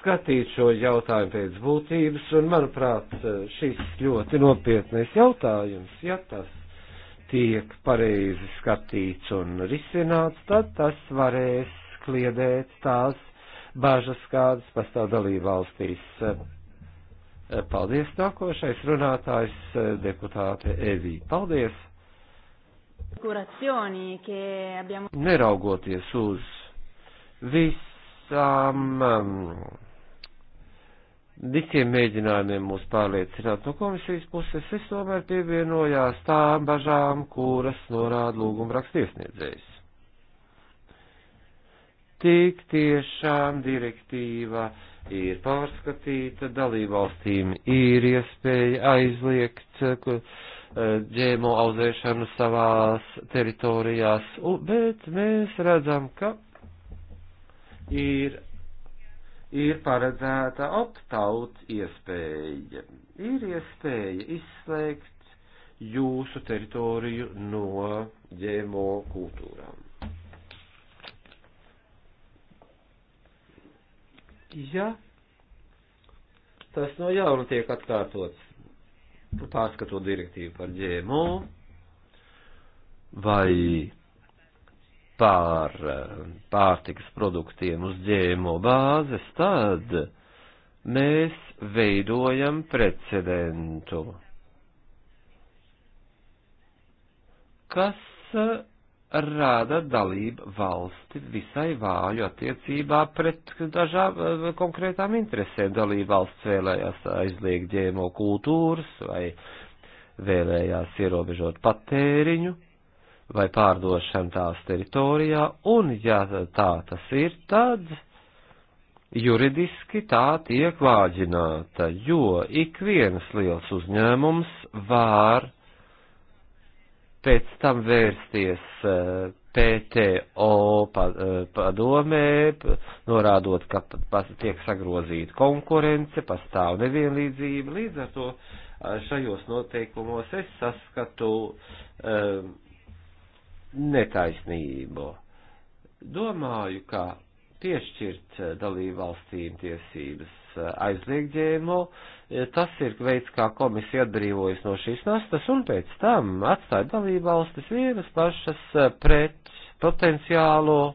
skatīt šo jautājumu pēc būtības, un manuprāt, šis ļoti nopietnais jautājums, ja tas tiek pareizi skatīts un risināts, tad tas varēs kliedēt tās bažas, kādas pastāv dalībvalstīs. Paldies, nākošais runātājs, deputāte Evī. Paldies! Neraugoties uz visām, um, visiem mēģinājumiem mūs pārliecināt no komisijas puses, es tomēr pievienojās tām bažām, kuras norāda lūguma rakstiesniedzējs. Tik tiešām direktīva ir pārskatīta, dalībvalstīm ir iespēja aizliegt, ģēmo auzēšanu savās teritorijās, bet mēs redzam, ka ir, ir paredzēta optaut iespēja. Ir iespēja izslēgt jūsu teritoriju no ģēmo kultūrām. Ja tas no jauna tiek atkārtots pārskatot direktīvu par ģēmo vai pār pārtikas produktiem uz ģēmo bāzes, tad mēs veidojam precedentu. Kas rada dalību valsti visai vāju attiecībā pret dažām eh, konkrētām interesēm. Dalību valsts vēlējās aizliegt ģēmo kultūras vai vēlējās ierobežot patēriņu vai pārdošanu tās teritorijā, un ja tā tas ir, tad juridiski tā tiek vāģināta, jo ik viens liels uzņēmums var pēc tam vērsties eh, PTO eh, padomē, norādot, ka tiek sagrozīta konkurence, pastāv nevienlīdzība. Līdz ar to eh, šajos noteikumos es saskatu um, netaisnību. Domāju, ka piešķirt dalībvalstīm tiesības aizliegt ģēmo, e, tas ir veids, kā komisija atbrīvojas no šīs nastas un pēc tam atstāja dalībvalstis vienas pašas e, pret potenciālo e,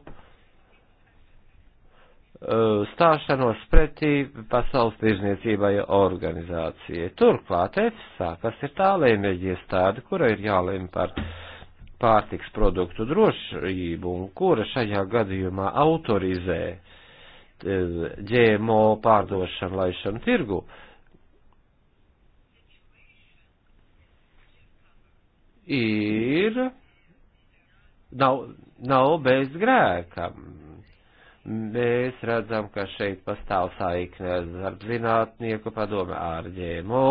stāšanos pretī pasaules tirzniecībai organizācijai. Turklāt EFSA, kas ir tālēmēģi iestāde, kura ir jālēma par pārtiks produktu drošību un kura šajā gadījumā autorizē uh, Eh, ģēmo pārdošanu, laišanu tirgu. Ir, nav, nav bez grēka. Mēs redzam, ka šeit pastāv saikne ar zinātnieku padome, ar ģēmo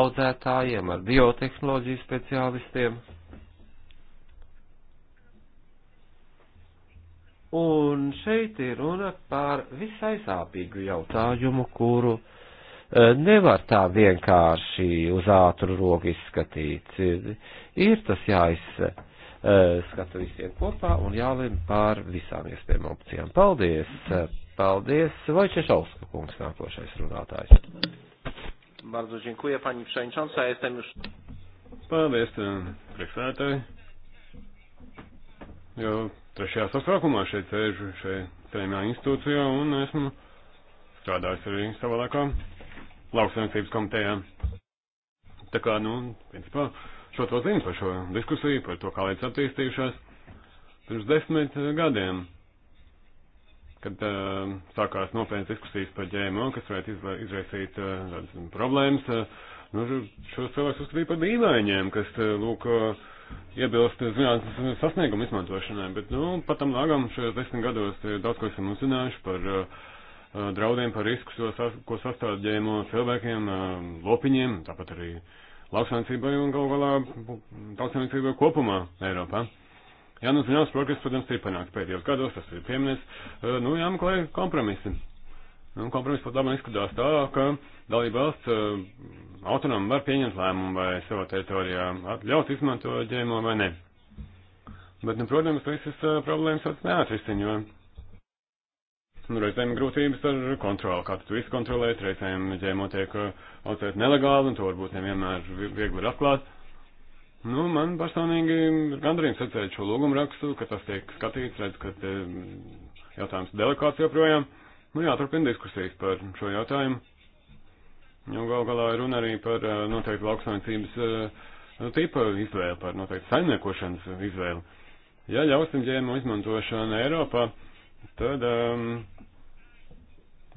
audzētājiem, ar biotehnoloģiju speciālistiem. Un šeit ir runa par visai sāpīgu jautājumu, kuru e, nevar tā vienkārši uz ātru roku izskatīt. Ir tas jāizskata visiem kopā un jālem par visām iespējām opcijām. Paldies! Paldies! Vojčešovska kungs nākošais runātājs. Bardzo dziękuję pani przewodnicząca. Ja jestem już. Paldies, priekšsēdētāji. Jo trešajā sasaukumā šeit sēžu šeit saimnā institūcijā un esmu strādājis arī savā laikā lauksaimniecības komitejā. Tā kā, nu, principā, šo to zinu par šo diskusiju, par to, kā lietas attīstījušās pirms desmit gadiem, kad uh, sākās nopietnas diskusijas par ģēmo, kas varētu izraisīt uh, tādas problēmas. Uh, nu, šos cilvēkus uzskatīja par dīvainiem, kas, uh, lūk, uh, iebilst zinātnes sasniegumu izmantošanai, bet, nu, pat tam lagam šajos desmit gados daudz ko esam uzzinājuši par uh, uh draudiem, par risku, sas, ko sastāv ģēmo cilvēkiem, uh, lopiņiem, tāpat arī lauksainicībai un gal galā tautsainicībai kopumā Eiropā. Jā, nu, zināms, progress, protams, ir panākts pēdējos gados, tas ir pieminēts, uh, nu, jāmeklē kompromisi. Un kompromiss pat labi izskatās tā, ka dalība valsts eh, autonomi var pieņemt lēmumu, vai savā teritorijā ļaut izmantot ģēmo vai ne. Bet, nu, protams, visas eh, problēmas tāds neatrisina, jo nu, reizēm grūtības ar kontroli, kā tu visu kontrolēt, reizēm ģēmo tiek eh, audzēt nelegāli, un to varbūt nevienmēr viegli ir atklāt. Nu, man personīgi ir gandarījums redzēt šo lūgumu rakstu, ka tas tiek skatīts, redz, ka mm, jautājums delikāts joprojām. Ja Nu jā, turpina diskusijas par šo jautājumu. Jo nu, gal galā runa arī par eh, noteikti lauksainicības eh, nu, tipa izvēli, par noteikti saimniekošanas eh, izvēli. Ja ļausim ģēmu izmantošanu Eiropā, tad um,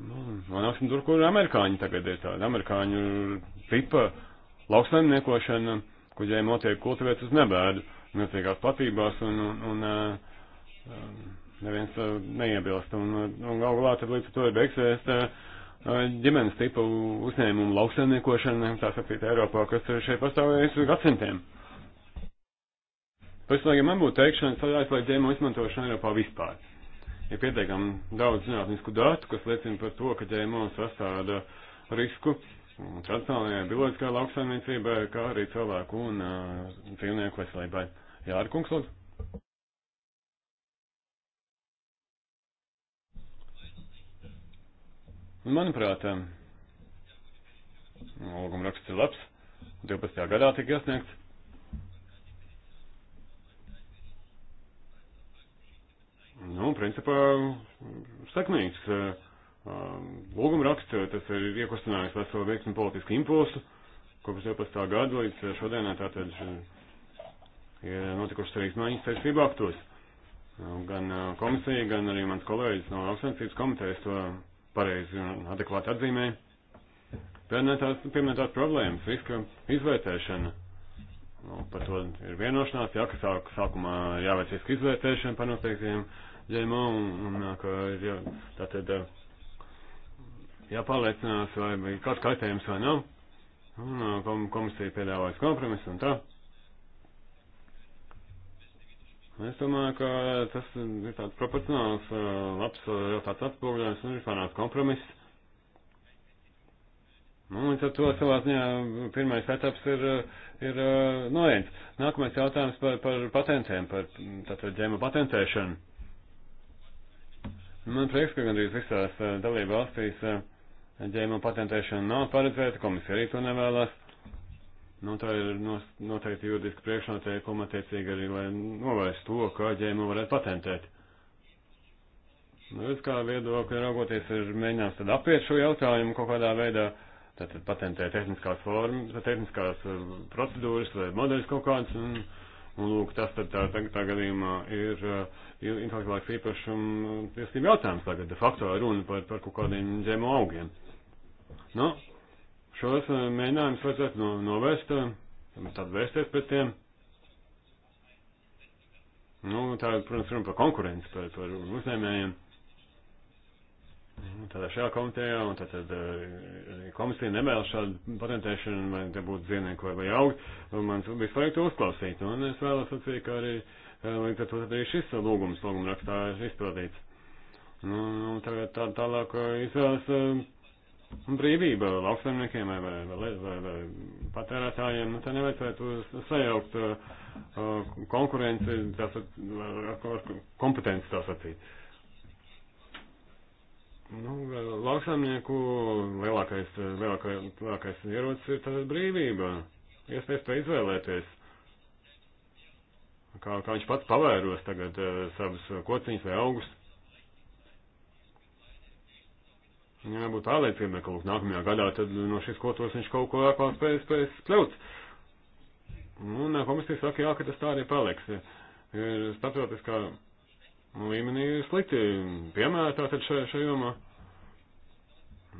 nu, nonāksim tur, kur amerikāņi tagad ir tāda. Amerikāņu tipa lauksaimniekošana, kur ģēmu tiek kultivēts uz nebēdu, milzīgās platībās un, un, un um, neviens uh, neiebilst. Un, uh, un galu galā tad līdz ar to ir beigsies uh, ģimenes tipu uzņēmumu lauksaimniekošana, tā sacīt, Eiropā, kas šeit pastāvējusi gadsimtiem. Pēc tam, ja man būtu teikšana, tad aizliedz ģēmu izmantošanu Eiropā vispār. Ir ja pietiekami daudz zinātnisku datu, kas liecina par to, ka ģēmu sastāda risku tradicionālajai bioloģiskajai lauksaimniecībai, kā arī cilvēku un uh, dzīvnieku veselībai. Jā, ar kungs, lūdzu. Un, manuprāt, Lūguma raksts ir labs. 12. gadā tika iesniegts. Nu, principā, sekmīgs eh, lūguma raksts, tas ir iekustinājis veselu veiksmu politisku impulsu, kopš 12. gada līdz eh, šodienai tātad eh, ir notikušas arī izmaiņas tiesību aktos. Nu, gan komisija, gan arī mans kolēģis no lauksainicības komitejas to pareizi un adekvāti atzīmē. Pieminētās, pieminētās problēmas, riska izvērtēšana. Nu, par to ir vienošanās, jā, ka sāk, sākumā jāveic riska izvērtēšana par noteiktiem ģēmo, un, un ka ir jā, tātad jāpārliecinās, vai ir kāds kaitējums vai nav. Un komisija piedāvājas kompromisu un tā. Es domāju, ka tas ir tāds proporcionāls, labs, tāds atspoguļojums un ir panāks kompromiss. Un nu, līdz ar to savā ziņā pirmais etaps ir, ir noiets. Nākamais jautājums par, par patentiem, par tātad ģēmu patentēšanu. Man prieks, ka gandrīz visās dalība valstīs ģēmu patentēšana nav paredzēta, komisija arī to nevēlas. Nu, tā ir noteikti juridiska priekšnoteikuma attiecīgi arī, lai novērstu to, kā ģēmu varētu patentēt. Nu, es kā viedokļi raugoties ir mēģinājums tad apiet šo jautājumu kaut kādā veidā, tad patentē tehniskās formas, tehniskās eh, procedūras vai modeļus kaut kāds, un, un lūk, tas tad tā, tā, tā gadījumā ir uh, eh, intelektuālāks īpašuma tiesību jautājums tagad, de facto runa par, par kaut kādiem ģēmu augiem. Nu, Šos eh, mēģinājumus vajadzētu no, novērst, eh, tad vērsties pret tiem. Nu, tā, protams, runa par konkurenci, par, par uzņēmējiem. Nu, tādā šajā komitejā, un tad, tad eh, komisija nevēlas šādu patentēšanu, vai te būtu dzīvnieku vai, vai augi, un man visu laiku to uzklausīt. Un es vēlos atsīt, ka arī līdz ar to tad arī šis lūgums, lūguma rakstā ir izpildīts. Nu, tagad tā, tālāk izvēlas. Uh, Un brīvība lauksaimniekiem vai, vai, vai, vai, vai patērētājiem, nu, te nevajadzētu sajaukt uh, uh konkurenci, tās, kompetenci tā sacīt. Nu, lauksaimnieku lielākais, lielākais, lielākais ierocis ir tāda brīvība, iespējas to izvēlēties. Kā, kā viņš pats pavēros tagad uh, savus uh, kociņus vai augus. Jā, būtu tālēļ, piemēram, kaut nākamajā gadā, tad no šīs kotos viņš kaut ko ārpās spējas, spējas kļūt. Un eh, komisija saka, jā, ka tas tā arī paliks. Ir starptautiskā līmenī slikti piemēra tātad šajā jomā. Še,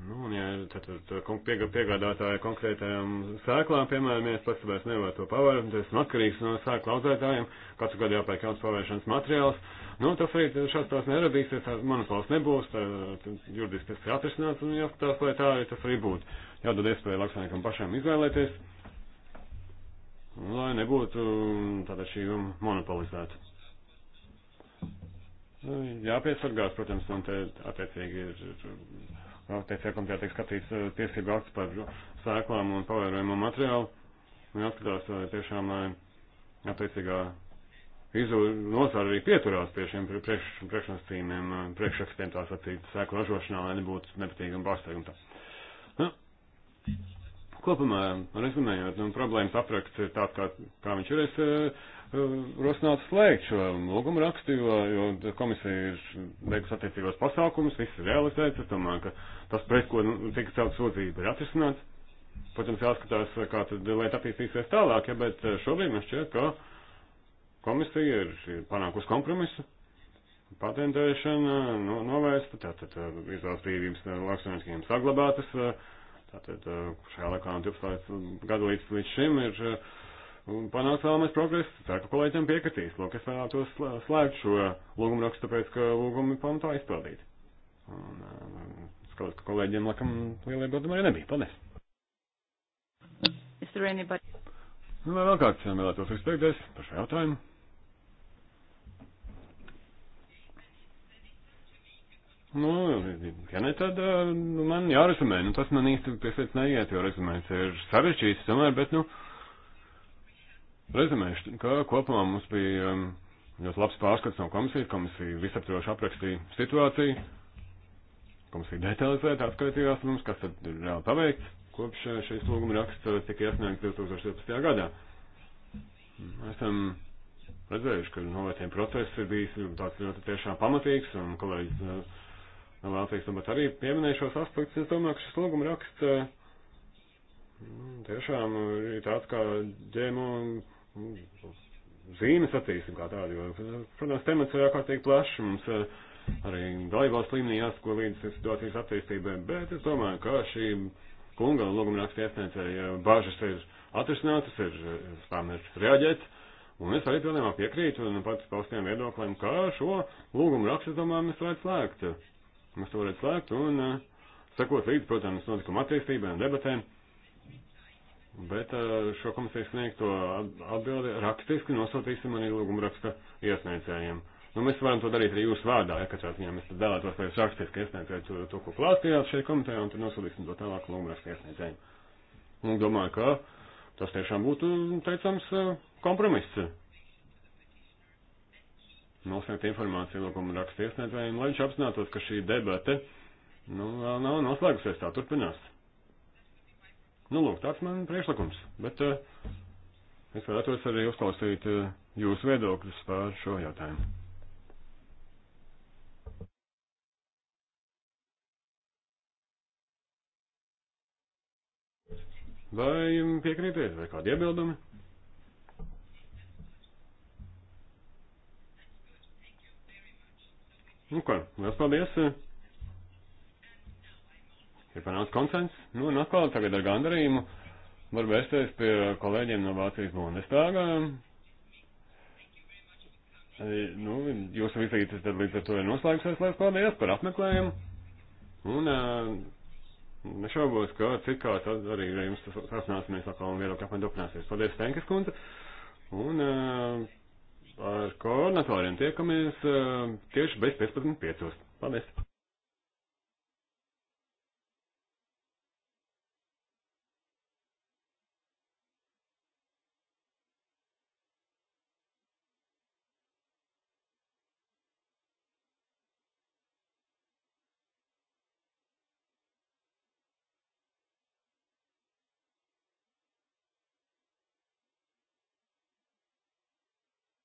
Nu, un ja tātad piegā, piegādātāja konkrētajām sēklām, piemēram, ja es pats vairs nevaru to pavērt, tad esmu atkarīgs no sēklu audzētājiem, katru gadu jāpērk jauns pavēršanas materiāls, nu, tas arī šāds tās neradīsies, tā manas valsts nebūs, tā, juridiski tas ir atrisināts, un jāskatās, lai tā arī tas arī būtu. Jādod iespēju lauksaimniekam pašam izvēlēties, lai nebūtu mm, tāda šī monopolizēta. Nu, jāpiesargās, protams, un te attiecīgi ir Tiesībā komitejā tiek skatīts eh, tiesību akts par sēklām un pavērojamo materiālu. Un jāskatās, vai tiešām eh, attiecīgā izūra nozara arī pieturās pie šiem priekš, priekšnosacījumiem, eh, priekšrakstiem tā sacīt sēklu ražošanā, lai nebūtu nepatīkami pārsteigumi tā. Nu, kopumā, rezumējot, nu, problēmas apraksts ir tāds, kā, kā viņš ir. Es, Eh, rosināt slēgt šo lūgumu rakstu, jo, jo komisija ir veikusi attiecīgos pasākumus, viss ir realizēts, es domāju, ka tas, pret ko nu, tika celt sūdzība, ir atrisināts. Protams, jāskatās, kā tad lieta attīstīsies tālāk, ja, bet eh, šobrīd man šķiet, ka komisija ir panākusi kompromisu. Patentēšana no, novērsta, tātad eh, izvēles brīvības lauksaimniekiem saglabātas, tātad šajā laikā no 12 gadu līdz, līdz šim ir uh, Un panāks vēlamais progress, ceru, ka kolēģiem piekritīs. Lūk, es vēlētos slēgt šo lūgumu rakstu, tāpēc, ka lūgumi pamatā izpildīti. Un skatos, eh, ka kolēģiem, laikam, lielai bildam arī nebija. Paldies! Is there anybody? Nu, vai vēl kāds vēlētos izteikties par šo jautājumu? Nu, ja ne, tad eh, nu, man jārezumē. Nu, tas man īsti piesaist neiet, jo rezumēts ir sarežģīts tomēr, bet, nu, uh, Rezumēšu, ka kopumā mums bija um, ļoti labs pārskats no komisijas, komisija visaptvaroši aprakstīja situāciju, komisija detalizēti atskaitījās mums, kas tad ir reāli paveikts kopš uh, šīs lūguma raksts uh, tika iesniegts 2017. gadā. Esam redzējuši, ka novērtējuma process ir bijis tāds ļoti tiešām pamatīgs, un kolēģis uh, no Vācijas tomēr arī pieminēja šos aspektus. Es domāju, ka šis lūguma raksts tiešām ir tāds kā ģēmo Nu, zīmes attīstību kā tādu, jo, protams, temats ir ārkārtīgi plašs, mums eh, arī dalībvalsts līmenī jāsako līdz situācijas attīstībai, bet es domāju, ka šī kunga lūguma raksta iesniedzēja bažas ir atrisinātas, ir eh, spēmērķis reaģēt, un es arī pilnībā piekrītu un pats paustiem viedoklim, ka šo lūgumu rakstu, domāju, mēs varētu slēgt. Mēs to varētu slēgt un eh, sekot līdz, protams, notikuma attīstībai un debatēm. Bet eh, šo komisijas sniegto atbildi rakstiski nosūtīsim arī lūguma raksta iesniedzējiem. Nu, mēs varam to darīt arī jūsu vārdā, ja katrā ziņā mēs vēlētos, lai jūs rakstiski iesniedzētu to, to, ko klāstījāt šeit komitejā, un tad nosūtīsim to tālāk lūguma raksta iesniedzējiem. Un domāju, ka tas tiešām būtu, teicams, eh, kompromiss. Nosniegt informāciju lūguma raksta iesniedzējiem, lai viņš apzinātos, ka šī debate, nu, vēl nav noslēgusies, tā turpinās. Nu, lūk, tāds man priekšlikums, bet uh, es vēlētos arī uzklausīt uh, jūsu viedokļus par šo jautājumu. Vai piekrītiet, vai kādi iebildumi? Nu, ko, liels paldies! Uh, ir panāks konsens. Nu, un atkal tagad ar gandarījumu var vērsties pie kolēģiem no Vācijas Bundestāga. Nu, jūsu vizītes tad līdz ar to ir noslēgusies, lai paldies par apmeklējumu. Un nešaubos, ka cik kāds arī ar jums sasnāsimies atkal un viedokļu apmaiņu turpināsies. Paldies, Tenkas kundze. Un ar koordinatoriem tiekamies tieši bez 15.5. Paldies!